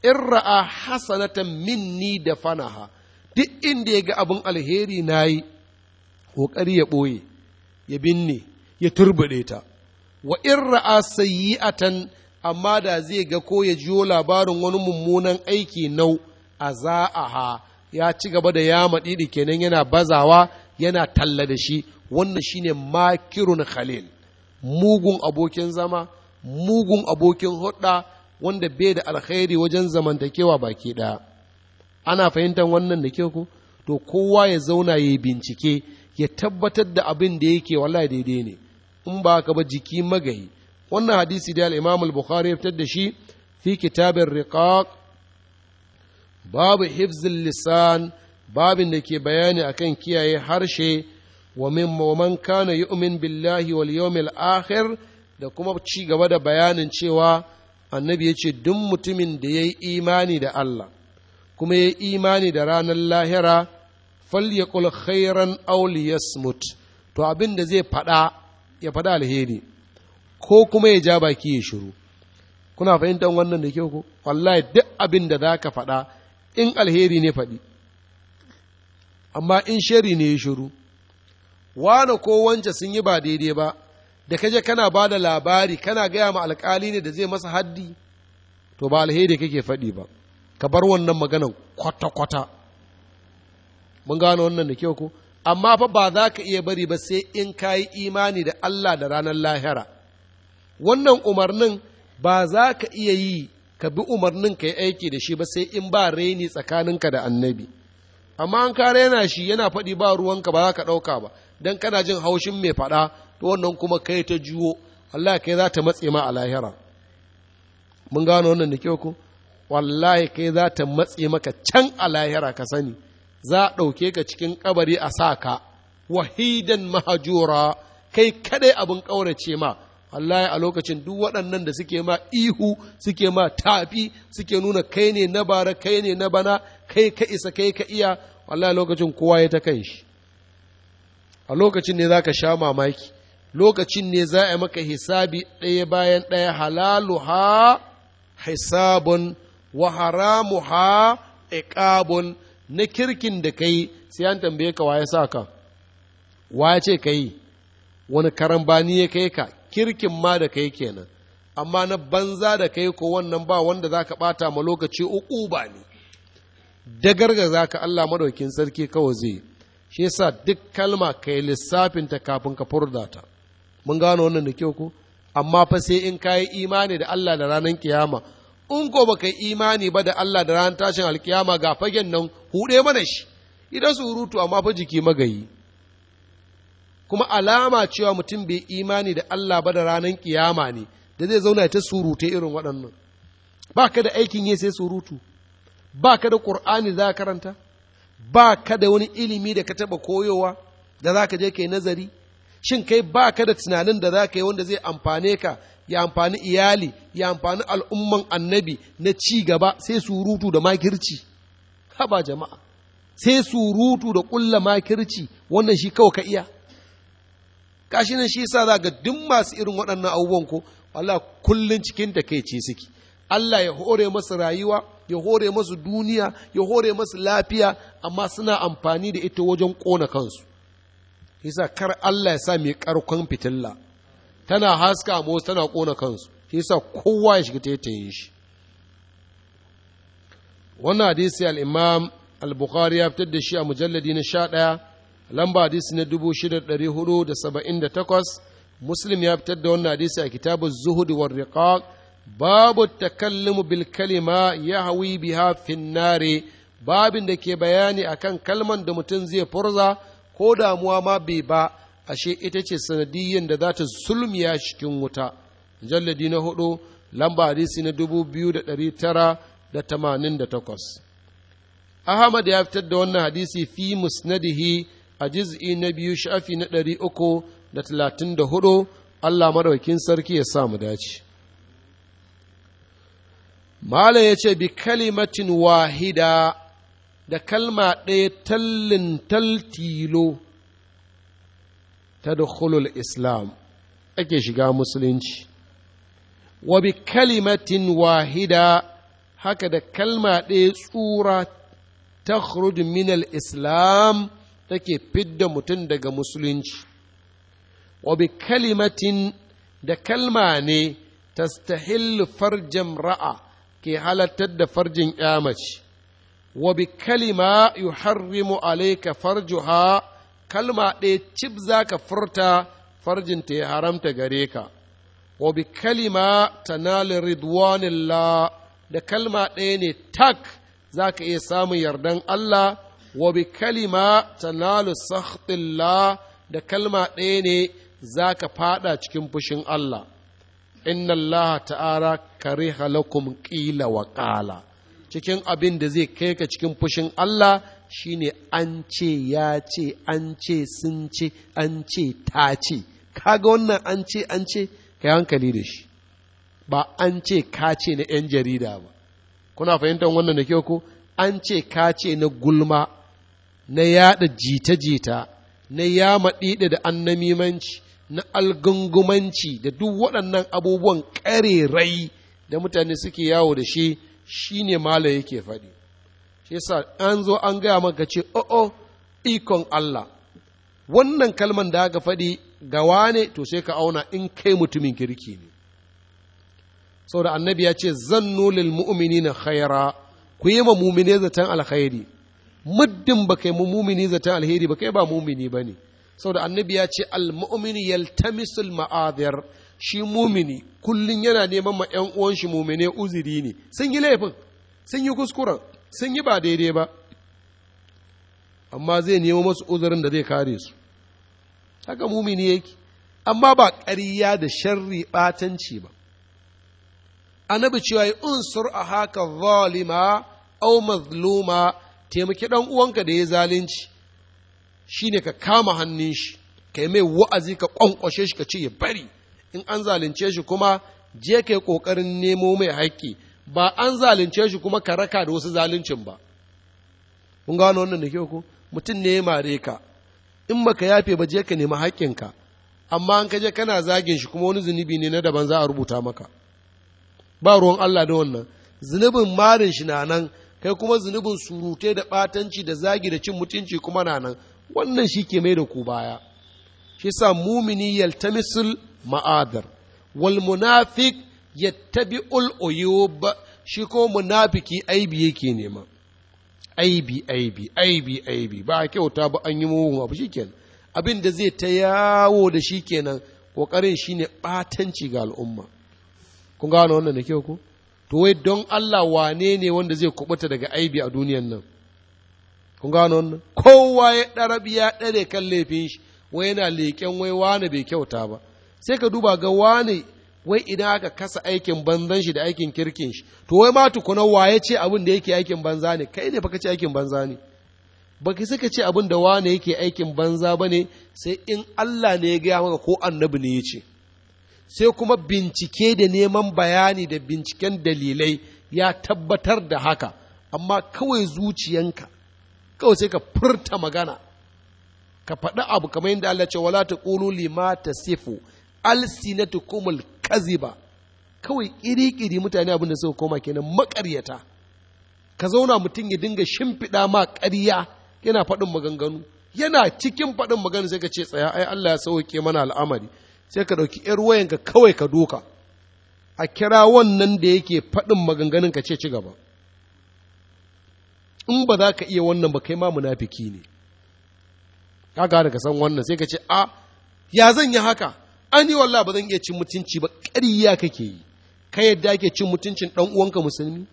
in ra'a hasanatan minni da fanaha duk inda ya ga abin alheri na yi ƙoƙari ya ɓoye ya binne ya turbuɗe ta wa in ra'a sayyi'atan amma da zai ga ko ya jiyo labarin wani mummunan aiki nau a za'aha ya ci gaba da yama ɗiɗi kenan yana bazawa yana talla da shi wannan shine makirun khalil mugun abokin zama mugun abokin hudda wanda bai da alkhairi wajen zamantakewa baki ɗaya ana fahimtar wannan da kyau ko to kowa ya zauna ya bincike ya tabbatar da abin da yake wallahi daidai ne in ba ka ba jiki magayi wannan hadisi da al-Imam al-Bukhari ya fitar da shi fi kitabin riqaq babu hifzil lisan babin da ke bayani akan kiyaye harshe wa min man kana yu'min billahi wal yawmil akhir da kuma ci gaba da bayanin cewa annabi ya ce duk mutumin da ya yi imani da Allah kuma ya imani da ranar lahira falyakul khairan auli yasmut to abin da zai faɗa ya fada alheri ko kuma ya ja baki ya shiru kuna fahimtar wannan da ke ko wallahi duk abin da za ka faɗa in alheri ne faɗi amma in shari ne ya shiru wane ko wance sun yi ba daidai ba da kaje kana ba da labari kana gaya ma alkali ne da zai masa haddi to ba alheri kake faɗi ba ka bar wannan maganan kwata-kwata mun gano wannan da kyau ko amma fa ba za ka iya bari ba sai in ka yi imani da Allah da ranar lahira wannan umarnin ba za ka iya yi ka bi umarnin ka yi aiki da shi ba sai in ba raini tsakaninka da annabi amma an ka raina shi yana faɗi ba ruwanka ba za ka ɗauka ba don kana jin haushin mai faɗa to wannan kuma kai ta juwo Allah kai za ta matse ma a lahira mun gano wannan da kyau ko wallahi kai za ta matse maka can a lahira ka sani za a ɗauke ka cikin ƙabari a sa ka wahidan mahajura kai kaɗai abin ƙaurace ma wallahi a lokacin duk waɗannan da suke ma ihu suke ma tafi suke nuna kai ne na bara kai ne na bana kai ka isa kai ka iya wallahi lokacin kowa ya ta kai. shi a lokacin ne za ka sha mamaki lokacin ne za a maka hisabi ɗaya bayan ɗaya halalu ha hisabun wa haramuha iqabun na kirkin da kai sai an tambaye ka waye sa ka waye ce kai wani karambani ya kai ka kirkin ma da kai kenan amma na banza da kai ko wannan ba wanda zaka ka ɓata ma lokaci uku ba ne dagarga za ka Allah madaukin sarki kawai zai shi yasa duk kalma ka yi lissafinta kafin ka furda ta mun gano wannan da kyau ko amma fa sai in ka yi imani da Allah da ranar kiyama in ko baka yi imani ba da Allah da ran tashin alkiyama ga fagen nan hude mana shi idan surutu amma fa jiki magayi kuma alama cewa mutum bai imani da Allah ba da ranar kiyama ne da zai zauna ta surute irin waɗannan ba ka da aikin yi sai surutu ba ka da ƙur'ani za karanta ba ka da wani ilimi da ka taɓa koyowa da za ka je ka yi nazari shin kai ba ka da tunanin da za ka yi wanda zai amfane ka ya amfani iyali ya amfani al'umman annabi na ci gaba sai surutu da makirci haba jama'a sai surutu da ƙulla makirci wannan shi kawai ka iya kashi nan shi sa za ga duk masu irin waɗannan abubuwan ko Allah kullun cikin da kai ce suke Allah ya hore masu rayuwa ya hore masu duniya ya hore masu lafiya amma suna amfani da ita wajen ƙona kansu yasa kar Allah ya sa mai karkon fitilla tana haska a motsa tana kona kansu shi yasa kowa ya shiga yi shi wannan hadisi al-imam al-bukhari ya fitar da shi a mujalladi na 11 lamba hadisi na 6478 muslim ya fitar da wannan hadisi a kitabun zuhud wa riqaq babu takallumu bil kalima yahwi biha fin babin da ke bayani akan kalman da mutum zai furza ko damuwa ma bai ba ashe ita ce sanadiyyar da za ta sulmiya cikin wuta jalladi na hudu lamba hadisi na dubu biyu da ɗari tara da tamanin da takwas ahmad ya fitar da wannan hadisi fi musnadihi a jiz'i na biyu shafi na ɗari uku da talatin da hudu allah maɗaukin sarki ya sa mu dace Malam ya ce, bi kalimatin wahida da kalma ɗaya tallin taltilo ta islam ake shiga musulunci wa bi kalimatin wahida haka da kalma ɗaya tsura ta min islam take fidda mutum daga musulunci wa bi kalimatin da kalma ne tastahillu farjin ra'a ke halattar da farjin mace wa bi kalima yuharrimu alayka farjuha kalma ɗaya cib za ka furta farjinta ya haramta gare ka wa bi kalima tanali da kalma ɗaya ne tak za ka iya samun yardan Allah wa bi kalima tanalu da kalma ɗaya ne za ka fada cikin fushin Allah inna Allah ta'ara kariha lakum ƙila wa ƙala, cikin abin da zai kai ka cikin fushin Allah Shi ne an ce ya ce an ce sun ce an ce ta ce kaga wannan an ce an ce ka yi hankali da shi ba an ce ka ce na 'yan jarida ba kuna fahimtar wannan da kyau ko an ce ka ce na gulma na yada jita-jita na yama ɗiɗe da annamimanci na algungumanci da duk waɗannan abubuwan ƙarerai da mutane suke yawo da shi shi ne mala yake faɗi shi yasa an zo an gaya maka ce o'o oh, oh, ikon Allah wannan kalman da aka faɗi gawa ne to sai ka auna in kai mutumin kirki ne saboda annabi ya ce zannu lil mu'minina khaira ku yi ma mumine zaton alkhairi muddin ba kai mumini zaton alheri ba kai ba mumini ba ne saboda annabi ya ce al mu'minu yaltamisul ma'adhir shi mumini kullum yana neman ma 'yan uwan shi mumine uziri ne sun yi laifin sun yi kuskuren sun yi ba daidai ba amma zai nemo masu uzurin da zai kare su haka mumini yake amma ba ƙarya da sharri ɓatanci ba annabi cewa yi unsur a haka zalima au mazluma taimaki ɗan uwanka da ya zalunci shine ka kama hannun shi ka yi mai wa'azi ka ƙwanƙwashe shi ka ce ya bari in an zalunce shi kuma je ka yi ƙoƙarin nemo mai haƙƙi ba an zalunce shi kuma ka raka da wasu zaluncin ba kun gano wannan da ke ku mutum ne ya mare ka in baka yafe ba je ka nemi haƙƙinka amma an ka je kana zagin shi kuma wani zunubi ne na daban za a rubuta maka ba ruwan Allah da wannan zunubin marin shi na nan kai kuma zunubin surute da ɓatanci da zagi da cin mutunci kuma na nan wannan shi ke mai da ku baya shi sa mumini yaltamisul ma'adar wal munafik Yatabi'ul uyub shi ko munafiki aibi yake nema aibi aibi aibi aibi ba a kyauta ba an yi mugun abu shikenan abin da zai ta yawo da shi kenan kokarin shine batanci ga al'umma kun gano wannan da kyau ko to wai don Allah wane ne wanda zai kubuta daga aibi a duniyan nan kun gano wannan kowa ya ɗarabi ya ɗare kan laifin shi wai yana leƙen wai wane bai kyauta ba sai ka duba ga wane wai idan aka kasa aikin banzan shi da aikin kirkin shi to wai ma tukuna waye ce abin da yake aikin banza ne kai ne baka ce aikin banza ne baki suka ce abin da wane yake aikin banza ba ne sai in Allah ne ya gaya maka ko annabi ne ya ce sai kuma bincike da neman bayani da binciken dalilai ya tabbatar da haka amma kawai zuciyanka kawai sai ka furta magana ka faɗi abu kamar yadda Allah ce wala taqulu lima tasifu alsinatukumul kaziba kawai ƙiri-ƙiri mutane abin da suka koma kenan makaryata. ka zauna mutum ya dinga shimfiɗa ma ƙarya yana faɗin maganganu yana cikin faɗin magana sai ka ce tsaya ai Allah ya sauke mana al'amari sai ka ɗauki ‘yar wayanka kawai ka doka a kira wannan da yake faɗin maganganun ka ce ci gaba in ba za ka iya wannan ba kai ma munafiki ne ka gane ka san wannan sai ka ce a ya zan yi haka ani wallahi ba zan iya cin mutunci ba ƙarya kake yi ka yadda ake cin mutuncin ɗan uwanka musulmi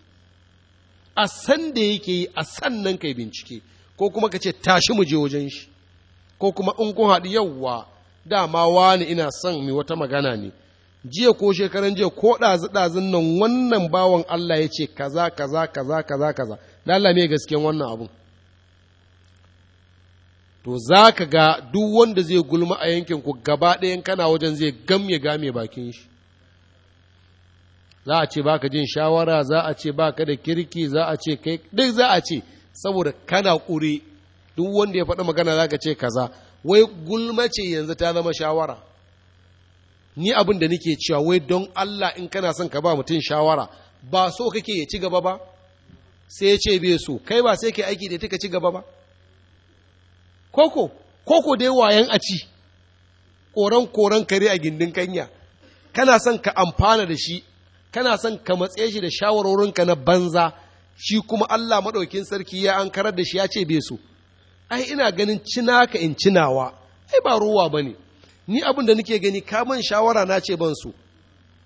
a san da yake yi a sannan kai bincike ko kuma ka ce tashi mu je wajen shi ko kuma in kun haɗu yawwa dama wani ina son mai wata magana ne jiya ko shekaran jiya ko ɗazu ɗazun nan wannan bawan Allah ya ce kaza kaza kaza kaza kaza da Allah gaskiyan wannan abun to za ka ga duk wanda zai gulma a yankin ku gaba ɗaya kana wajen zai gamye game bakin shi za a ce baka jin shawara za a ce baka da kirki za a ce kai duk za a ce saboda kana ƙuri duk wanda ya faɗi magana za ka ce kaza wai gulma ce yanzu ta zama shawara ni abin da nake cewa wai don Allah in kana son ka ba mutum shawara ba so kake ya ci gaba ba sai ya ce bai so kai ba sai yi aiki da ya ci gaba ba koko koko dai wayan a ci koran koran kare a gindin kanya kana son ka amfana da shi kana son ka matse shi da shawarorinka na banza shi kuma Allah maɗaukin sarki ya an karar da shi ya ce bai so ai ina ganin cina ka in cinawa ai ba ruwa ba ne ni abin da nake gani ka man shawara na ce ban so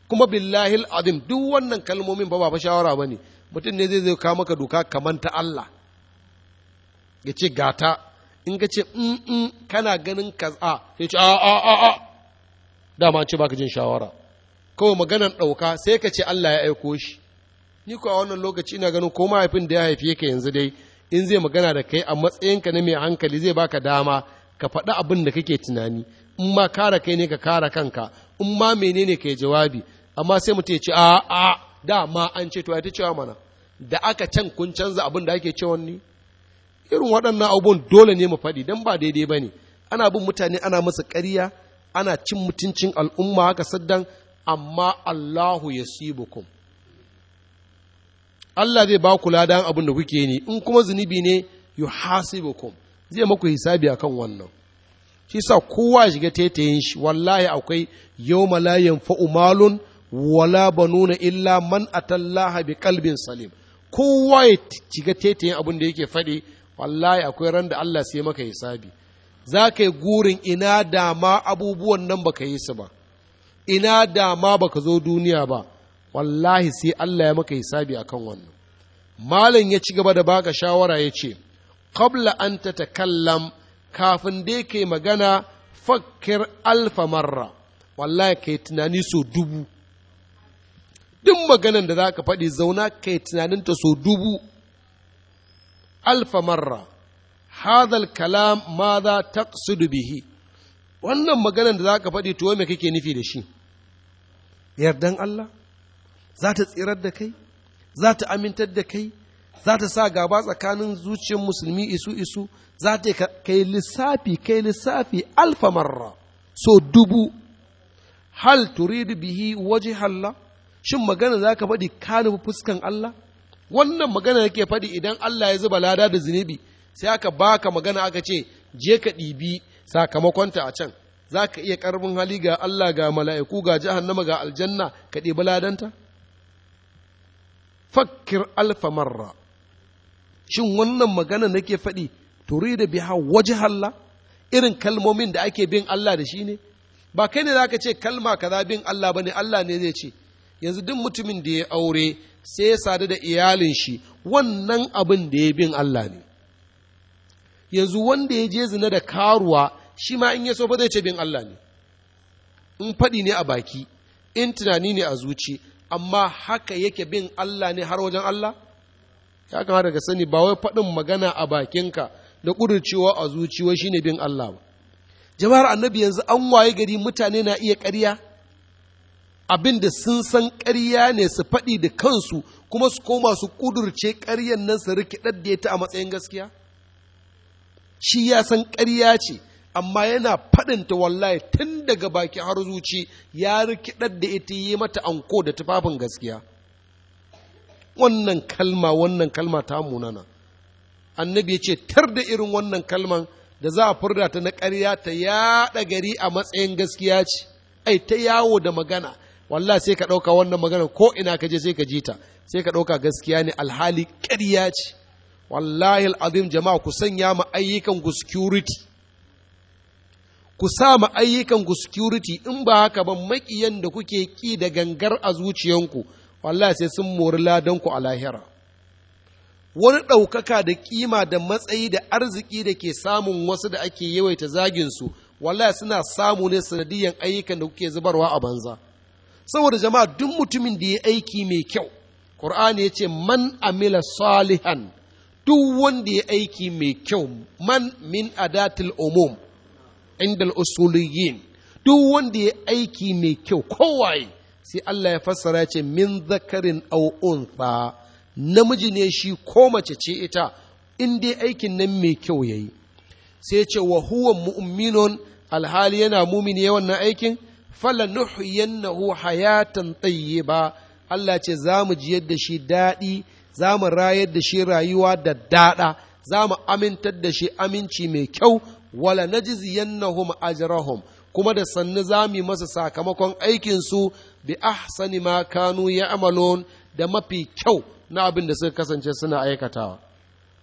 kuma billahi azim duk wannan kalmomin ba ba shawara ba ne mutum ne zai zai kawo maka doka kamar ta Allah ya ce gata in ka ce in mm, mm, kana ganin ka a ce a a a a dama ce baka jin shawara kawai maganan ɗauka sai ka ce Allah ya aiko shi ni ko a wannan lokaci ina ganin ko mahaifin da ya haife ka yanzu dai in zai magana da kai a matsayinka na mai hankali zai baka dama ka faɗi abin da kake tunani in ma kara kai ne ka kara kanka in ma menene ka jawabi amma sai mutum ya ce a a dama an ce to ya ta cewa mana da aka can kun canza abin da ake cewa ni irin waɗannan abubuwan dole ne mu faɗi don ba daidai ba ne ana bin mutane ana masa ƙariya, ana cin mutuncin al'umma haka saddan amma Allahu ya sibukum Allah zai ba ku ladan abin da kuke ne in kuma zunubi ne yu hasibukum zai maku hisabi akan wannan shi sa kowa shiga taitayin shi wallahi akwai yau la fa'umalun wala banuna illa man atallaha bi kalbin salim kowa ya shiga taitayin abin da yake faɗi wallahi akwai ran da Allah sai maka hisabi za ka yi gurin ina dama abubuwan nan baka yi su ba ina dama baka zo duniya ba wallahi sai Allah ya maka hisabi akan wannan malam ya ci gaba da baka shawara ya ce qabla an tatakallam kafin dai kai magana fakir alfa marra wallahi kai tunani so dubu duk maganan da za ka faɗi zauna kai tunaninta so dubu alfa marra hadal kalam maza taqsidu bihi wannan maganar da za ka faɗi tuwo mai kake nufi da shi yardan Allah za ta tsirar da kai za ta amintar da kai za ta sa gaba tsakanin zuciyar musulmi isu isu za ta kai lissafi kai lissafi alfa marra so dubu hal turidu bihi waje halla? shin magana za ka faɗi ka fuskan Allah wannan magana yake faɗi idan Allah ya zuba lada da zunubi sai aka baka magana aka ce je ka ɗibi sakamakonta a can za ka iya ƙarfin hali ga Allah ga mala'iku ga nama ga aljanna ka ɗibi ladanta fakkir alfa marra shin wannan magana nake faɗi da biha waje halla irin kalmomin da ake bin Allah da shi ne ba kai ne za ka ce kalma kaza bin Allah ba ne Allah ne zai ce yanzu duk mutumin da ya aure sai ya sadu da iyalin shi wannan abin da ya bin Allah ne yanzu wanda ya je zina da karuwa shi ma in ya so fa zai ce bin Allah ne in faɗi ne a baki in tunani ne a zuci amma haka yake bin Allah ne har wajen Allah ya kama daga sani ba wai faɗin magana a bakinka da ƙurucewa a zuciwa ne bin Allah ba jama'ar annabi yanzu an waye gari mutane na iya ƙarya abin da sun san ƙarya ne su faɗi da kansu kuma su koma su ƙudurce ƙaryan nan su rikidar da ya ta a matsayin gaskiya shi ya san ƙarya ce amma yana faɗinta wallahi tun daga baki har zuci ya rikiɗar da ita yi mata anko da tufafin gaskiya wannan kalma wannan kalma ta munana annabi ya ce tar da irin wannan kalman da za a furda na ƙarya ta yaɗa gari a matsayin gaskiya ce ai ta yawo da magana wallah sai ka ɗauka wannan magana ko ina ka je sai ka jita ta sai ka ɗauka gaskiya ne alhali ƙarya ce wallahi azim jama'a ku sanya ma ayyukan ku security ku sa ma ayyukan ku security in ba haka ba makiyan da kuke ki da gangar a zuciyanku wallahi sai sun mori ladanku a lahira wani ɗaukaka da kima da matsayi da arziki da ke samun wasu da ake yawaita zaginsu wallahi suna samu ne sanadiyan ayyukan da kuke zubarwa a banza saboda jama'a duk mutumin da ya aiki mai kyau ƙur'ani ya ce man amila salihan duk wanda ya aiki mai kyau man min adatil umum inda usuliyin duk wanda ya aiki mai kyau kowaye sai Allah ya fassara ya ce min zakarin au untha namiji ne shi ko mace ce ita in dai aikin nan mai kyau yayi sai ya ce wa huwa mu'minun alhali yana mumini yawan na aikin Fala falanuhyiyannahu hayatan tayyiba Allah ce za mu ji yadda shi daɗi za mu rayar da shi rayuwa da daɗa za mu amintar da shi aminci mai kyau wala najziyannahum ajrahum kuma da sannu za mu yi masa sakamakon aikinsu bi ahsani ma kanu ya'malun da mafi kyau na abin da suka kasance suna aikatawa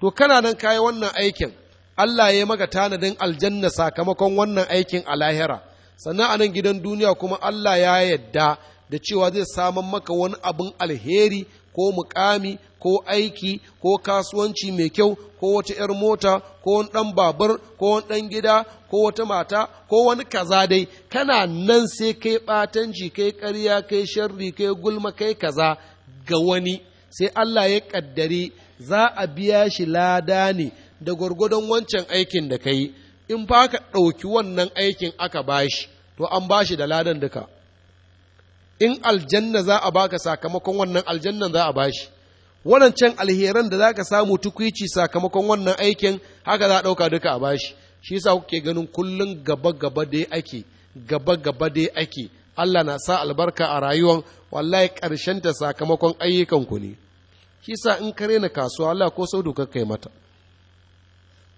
to kana nan kayi wannan aikin Allah ya maka tanadin aljanna sakamakon wannan aikin a lahira sannan a nan gidan duniya kuma Allah ya yadda da cewa zai saman maka wani abin alheri ko mukami ko aiki ko kasuwanci mai kyau ko wata 'yar mota ko wani ɗan babur ko wani ɗan gida ko wata mata ko wani kaza dai kana nan sai kai ɓatanci kai ƙarya kai sharri kai gulma kai kaza ga wani sai Allah ya ƙaddari za a biya shi lada ne da gwargwadon wancan aikin da ka yi in ba ka ɗauki wannan aikin aka bashi to an bashi da ladan duka in aljanna za a baka sakamakon wannan aljannan za a bashi waɗancan alheran da za ka samu tukwici sakamakon wannan aikin haka za a ɗauka duka a bashi shi yasa kuke ganin kullum gaba gaba dai ake gaba gaba dai ake Allah na sa albarka a rayuwan wallahi ƙarshen ta sakamakon ayyukan ku ne shi sa in ka rena kasuwa Allah ko sau dokar kai mata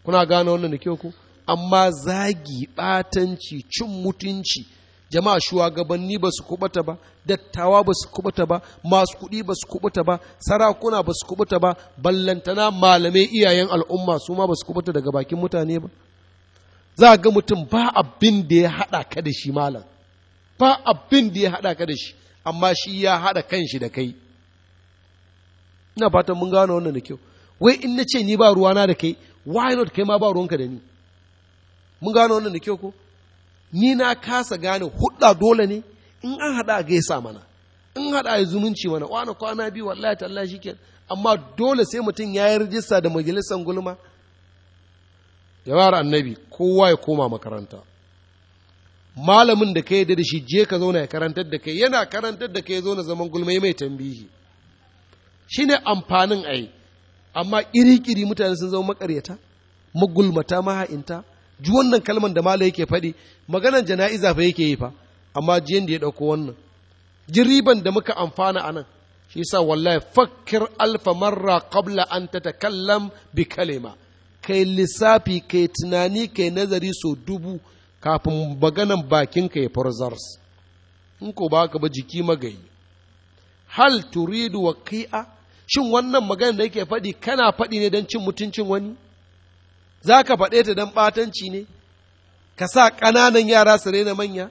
kuna gane wannan da kyau ku amma zagi ɓatanci cin mutunci jama'a shugabanni ba su kubuta ba dattawa ba su kubuta ba masu kuɗi ba su kubuta ba sarakuna ba su kubuta ba ballantana malamai iyayen al'umma su ma ba su kubuta daga bakin mutane ba za ga mutum ba abin da ya haɗa ka da shi malam ba abin da ya haɗa ka da shi amma shi ya haɗa kan shi da kai ina fatan mun gano wannan da kyau wai in na ce ni ba ruwana da kai why not kai ma ba ruwanka da ni mun gano wannan da kyau ko ni na kasa gane hudda dole ne in an hada a gaisa mana in hada a zumunci mana wani kwana biyu wallahi Allah shikenan amma dole sai mutum ya yi rijista da majalisar gulma ya bar annabi kowa ya koma makaranta malamin da ka yi da shi je ka zauna ya karantar da kai yana karantar da kai zo na zaman gulma mai tambihi shi ne amfanin ai amma iri-iri mutane sun zama makaryata magulmata maha'inta ji wannan kalman da mala yake faɗi maganan jana'iza fa yake yi fa amma jiyan da ya ɗauko wannan ji riban da muka amfana anan shi yasa wallahi fakkir alfa marra qabla an tatakallam bi kalima kai lissafi kai tunani kai nazari so dubu kafin maganan bakin ka ya farzars in ko ba ka ba jiki magayi hal turidu waqi'a shin wannan maganar da yake faɗi kana faɗi ne don cin mutuncin wani za ka faɗe ta don ɓatanci ne ka sa ƙananan yara su rena manya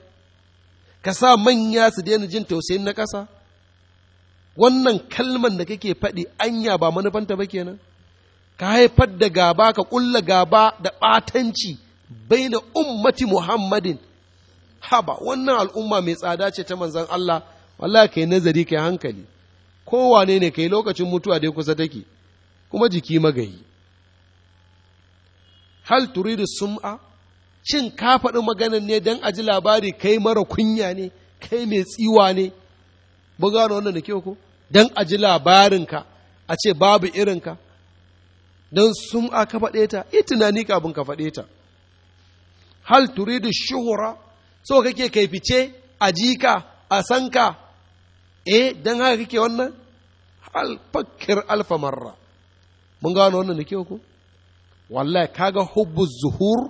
ka sa manya su daina jin tausayin na ƙasa wannan kalman da kake faɗi anya ba manufanta ba kenan ka haifar da gaba ka ƙulla gaba da ɓatanci bai da ummati muhammadin haba wannan al'umma mai tsada ce ta manzan Allah wallah ka yi nazari ka yi hankali kowane ne ka yi lokacin mutuwa dai kusa take kuma jiki magayi hal turidu sum'a cin ka faɗi maganan ne don a ji labari kai mara kunya ne kai mai tsiwa ne ba gano wannan da kyau ko don a ji labarinka a ce babu irinka don sum'a ka faɗe ta yi tunani kafin ka faɗe ta hal turidu shuhura so kake kai fice a jika a sanka eh don haka kake wannan hal fakir alfa mun gano wannan da kyau ko wallahi kaga hubbu zuhur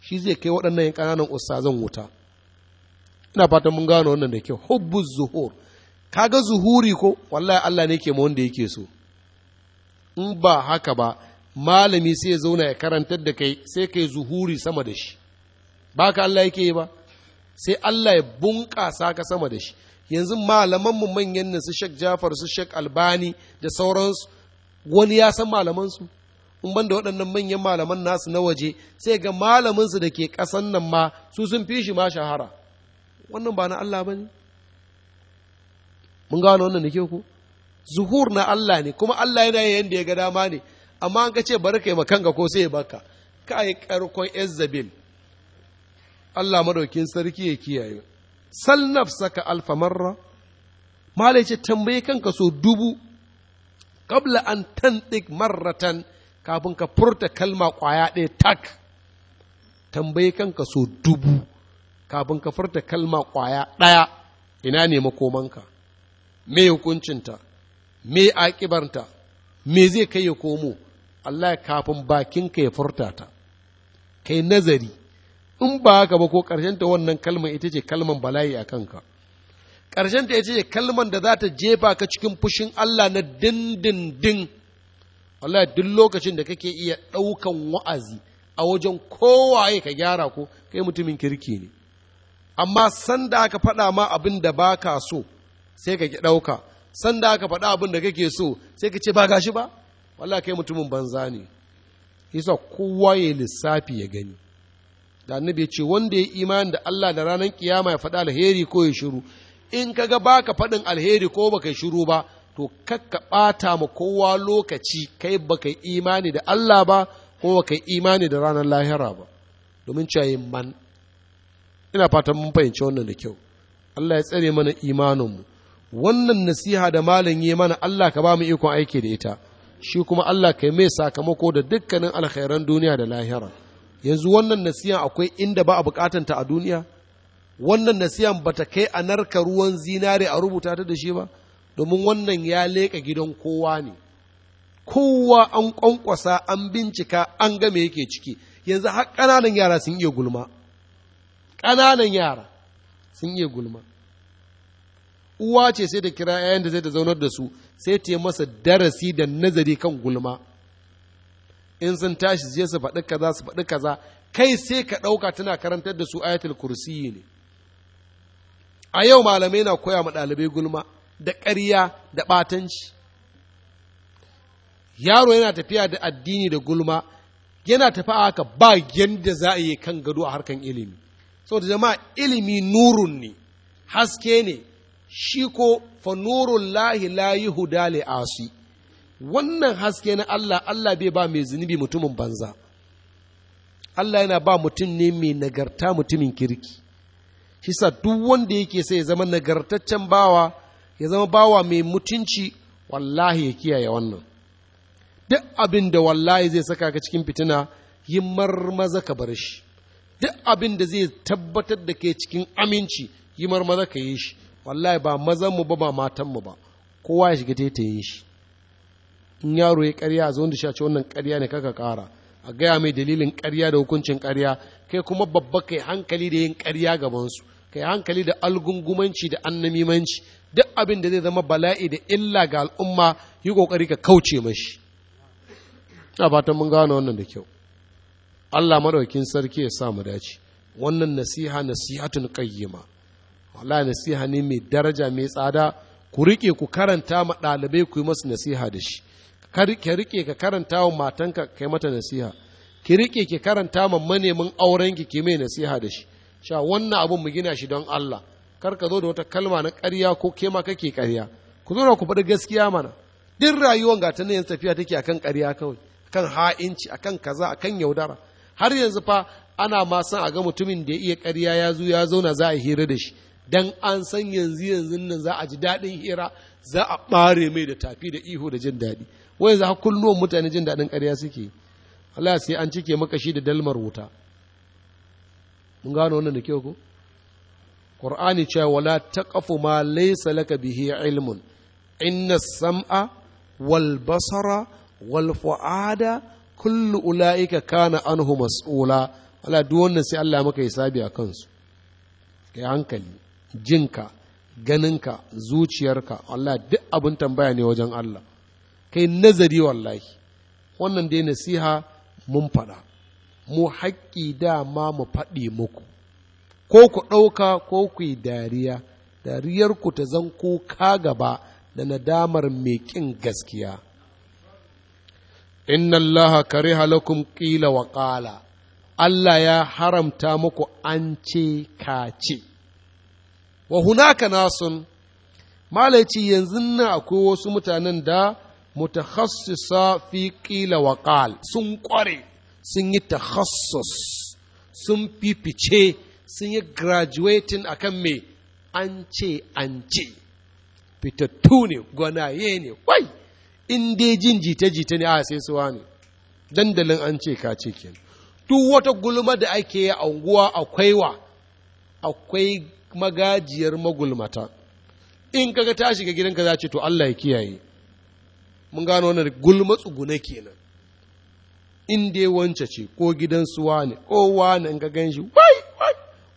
shi zai kai waɗannan yan ƙananan ustazan wuta ina fatan mun gano wannan da kyau hubbu zuhur kaga zuhuri ko wallahi Allah ne ke ma wanda yake so in ba haka ba malami sai ya zauna ya karantar da kai sai kai zuhuri sama da shi ba ka Allah yake yi ba sai Allah ya bunƙasa ka sama da shi yanzu malaman mu manyan nan su Sheikh Jafar su Sheikh Albani da sauransu wani ya san malaman su in ban da waɗannan manyan malaman nasu na waje sai ga malaminsu da ke ƙasan nan ma su sun fi shi ma shahara wannan ba na Allah ba ne mun gano wannan da ke ku zuhur na Allah ne kuma Allah yana yin yadda ya ga dama ne amma an ka ce bari kai makanga ko sai baka ka yi karkon ezzabil Allah madaukin sarki ya kiyaye sal nafsaka alfa marra malai ce tambaye kanka so dubu qabla an tantik marratan kafin ka furta kalma ƙwaya ɗaya tak tambayi kanka so dubu kafin ka furta kalma ƙwaya ɗaya ina ne makomanka me hukuncinta me aƙibarta me zai kai ya komo Allah kafin bakinka ya furta ta kai nazari in ba haka ba ko ƙarshenta wannan kalmar ita ce kalmar bala'i a kanka ƙarshenta ita ce kalmar da za ta jefa ka cikin fushin Allah na dindindin wallahi duk lokacin da kake iya ɗaukan wa'azi a wajen kowaye ka gyara ko kai mutumin kirki ne amma san da aka faɗa ma abin da so sai ka ki ɗauka da aka faɗa abin kake so sai ka ce ba gashi ba wallahi kai mutumin banza ne yasa kowa ya lissafi ya gani da annabi ya ce wanda ya imani da Allah da ranar kiyama ya faɗa alheri ko ya shiru in ka ga baka faɗin alheri ko baka shiru ba to kakka ɓata ma kowa lokaci kai baka imani da Allah ba ko baka imani da ranar lahira ba domin cewa man ina fatan mun fahimci wannan da kyau Allah ya tsare mana imaninmu wannan nasiha da malam yi mana Allah ka ba mu ikon aiki da ita shi kuma Allah kai mai sakamako da dukkanin alkhairan duniya da lahira yanzu wannan nasiha akwai inda ba a bukatanta a duniya wannan nasiha bata kai a narka ruwan zinare a rubuta ta da shi ba domin wannan ya leƙa gidan kowa ne kowa an ƙwanƙwasa an bincika an game yake ciki yanzu har ƙananan yara sun iya gulma ƙananan yara sun iya gulma uwa ce sai da kira 'ya'yan da zai da zaunar da su sai ta yi masa darasi da nazari kan gulma in sun tashi zai su faɗi kaza su faɗi kaza kai sai ka ɗauka tana karantar da su ayatul kursi ne a yau malamai na koya ma ɗalibai gulma da ƙarya da ɓatanci yaro yana tafiya da addini da gulma yana tafi a haka ba yadda za a yi kan gado a harkan ilimi saboda jama'a ilimi nurun ne haske ne shi ko fa nurun lahi layi huda asi wannan haske na Allah Allah bai ba mai zunubi mutumin banza Allah yana ba mutum ne mai nagarta mutumin kirki shi duk wanda yake sai ya zama nagartaccen bawa ya zama bawa mai mutunci wallahi ya kiyaye wannan duk abin da wallahi zai saka ka cikin fitina yi marmaza ka bar shi duk abin da zai tabbatar da ke cikin aminci yi marmaza ka yi shi wallahi ba mazan mu ba ba matan mu ba kowa ya shiga yi shi in yaro ya karya a zuwan da shi wannan karya ne kaka kara a gaya mai dalilin karya da hukuncin karya kai kuma babba kai hankali da yin karya gabansu kai hankali da algungumanci da annamimanci duk abin da zai zama bala'i da illa ga al'umma yi kokari ka kauce mashi ina fatan mun gano wannan da kyau Allah maɗaukin sarki ya sa mu dace wannan nasiha nasihatun qayyima Wala nasiha ne mai daraja mai tsada ku rike ku karanta ma ɗalibai ku yi masu nasiha da shi ka rike ka karanta wa matanka kai mata nasiha ki rike ki karanta ma manemin aurenki ki mai nasiha da shi sha wannan abun mu gina shi don Allah kar ka zo da wata kalma na ƙarya ko ke ma kake ƙarya ku zo na ku faɗi gaskiya mana duk rayuwar ga ta nan yanzu tafiya take akan ƙarya kawai akan ha'inci akan kaza akan yaudara har yanzu fa ana ma san a ga mutumin da ya iya ƙarya ya zo ya zauna za a hira da shi dan an san yanzu yanzu nan za a ji daɗin hira za a ɓare mai da tafi da ihu da jin daɗi wai yanzu har kullum mutane jin daɗin ƙarya suke Allah sai an cike maka shi da dalmar wuta mun gano wannan da kyau ko ƙur'ani cewa wala ƙafu ma laisa laka bihi ilmun inna sam'a wal basara wal fu'ada kullu ula'ika kana anhu mas'ula ala duk wannan sai Allah maka hisabi a kansu kai hankali jinka ganinka zuciyarka Allah duk abin tambaya ne wajen Allah kai nazari wallahi wannan dai nasiha mun faɗa mu haƙƙi dama mu faɗi muku ko ku ɗauka ko ku yi dariya dariyarku ta zan kuka gaba da nadamar mai ƙin gaskiya inna Allah kare Halakun ƙila wa ƙala Allah ya haramta muku an ce ka ce wa hunaka nasun malaci yanzu na akwai wasu mutanen da mutakhassisa fi ƙila wa sun ƙware sun yi takhassus sun fi fice. sun yi graduating akan me an ce an ce fitattu ne gwanaye ne wai in dai jin jita-jita ne a sai suwa ne dandalin an ce ka ce ke duk wata gulma da ake yi a unguwa akwai wa akwai magajiyar magulmata in kaga ta shiga gidanka za ce to Allah ya kiyaye mun gano wannan gulma tsuguna kenan in dai wance ce ko gidan suwa ne ko wani in ka gan shi wai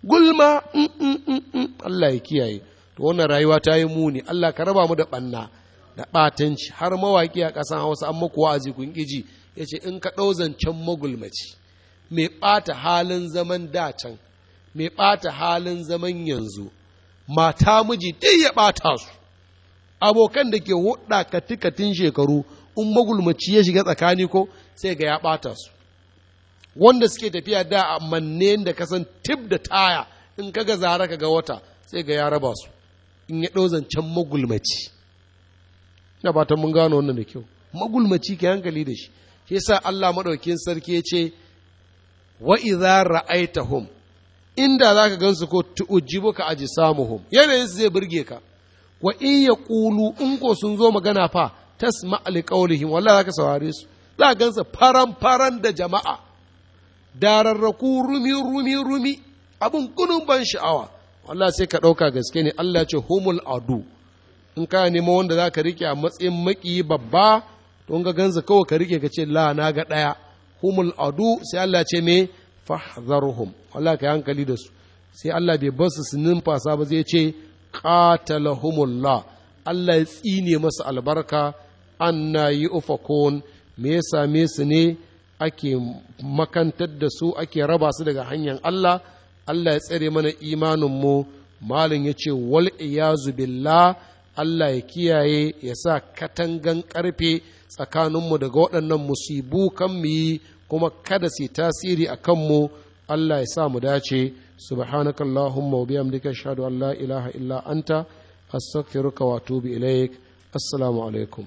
gulma mm, mm, mm, Allah ya kiyaye to wannan rayuwa ta yi muni Allah ka raba mu da banna da batanci har mawaki a ƙasan Hausa an maku wa'azi kun kiji yace in ka ɗau zancen magulmaci mai ɓata halin zaman da can mai ɓata halin zaman yanzu mata miji duk ya ɓata su abokan da ke hudda katikatin shekaru in magulmaci ya shiga tsakani ko sai ga ya ɓata su wanda suke tafiya da a manne da kasan tib da taya in kaga zara ka ga wata sai ga ya raba su in ya ɗau zancen magulmaci na ba mun gano wannan da kyau magulmaci ke hankali da shi shi yasa Allah maɗaukin sarki ya ce wa idza hum. inda zaka gansu ko tu'jibuka ajsamuhum yanayin su zai burge ka wa in yaqulu in ko sun zo magana fa tasma' liqawlihim wallahi zaka saurare su za gansa faran faran da jama'a dararraku rumi rumi rumi abin kunun ban sha'awa Allah sai ka ɗauka gaske ne Allah ce humul adu in ka nemo wanda za ka rike a matsayin maƙiyi babba to ga ganza kawai ka rike ka ce la na ga ɗaya humul adu sai Allah ce me fahzarhum Allah ka hankali da su sai Allah bai bar su numfasa ba zai ce qatalahumullah Allah ya tsine masa albarka anna yi me ya same su ne ake makantar da su ake raba su daga hanyar Allah Allah ya tsare mana imaninmu mu malin ya ce wal billah Allah ya kiyaye ya sa katangan karfe tsakaninmu daga waɗannan musibu kan mu yi kuma kada su tasiri a kanmu Allah ya sa mu dace subhanaka allahumma wa bihamdika ashhadu an la ilaha illa anta astaghfiruka wato atubu assalamu alaikum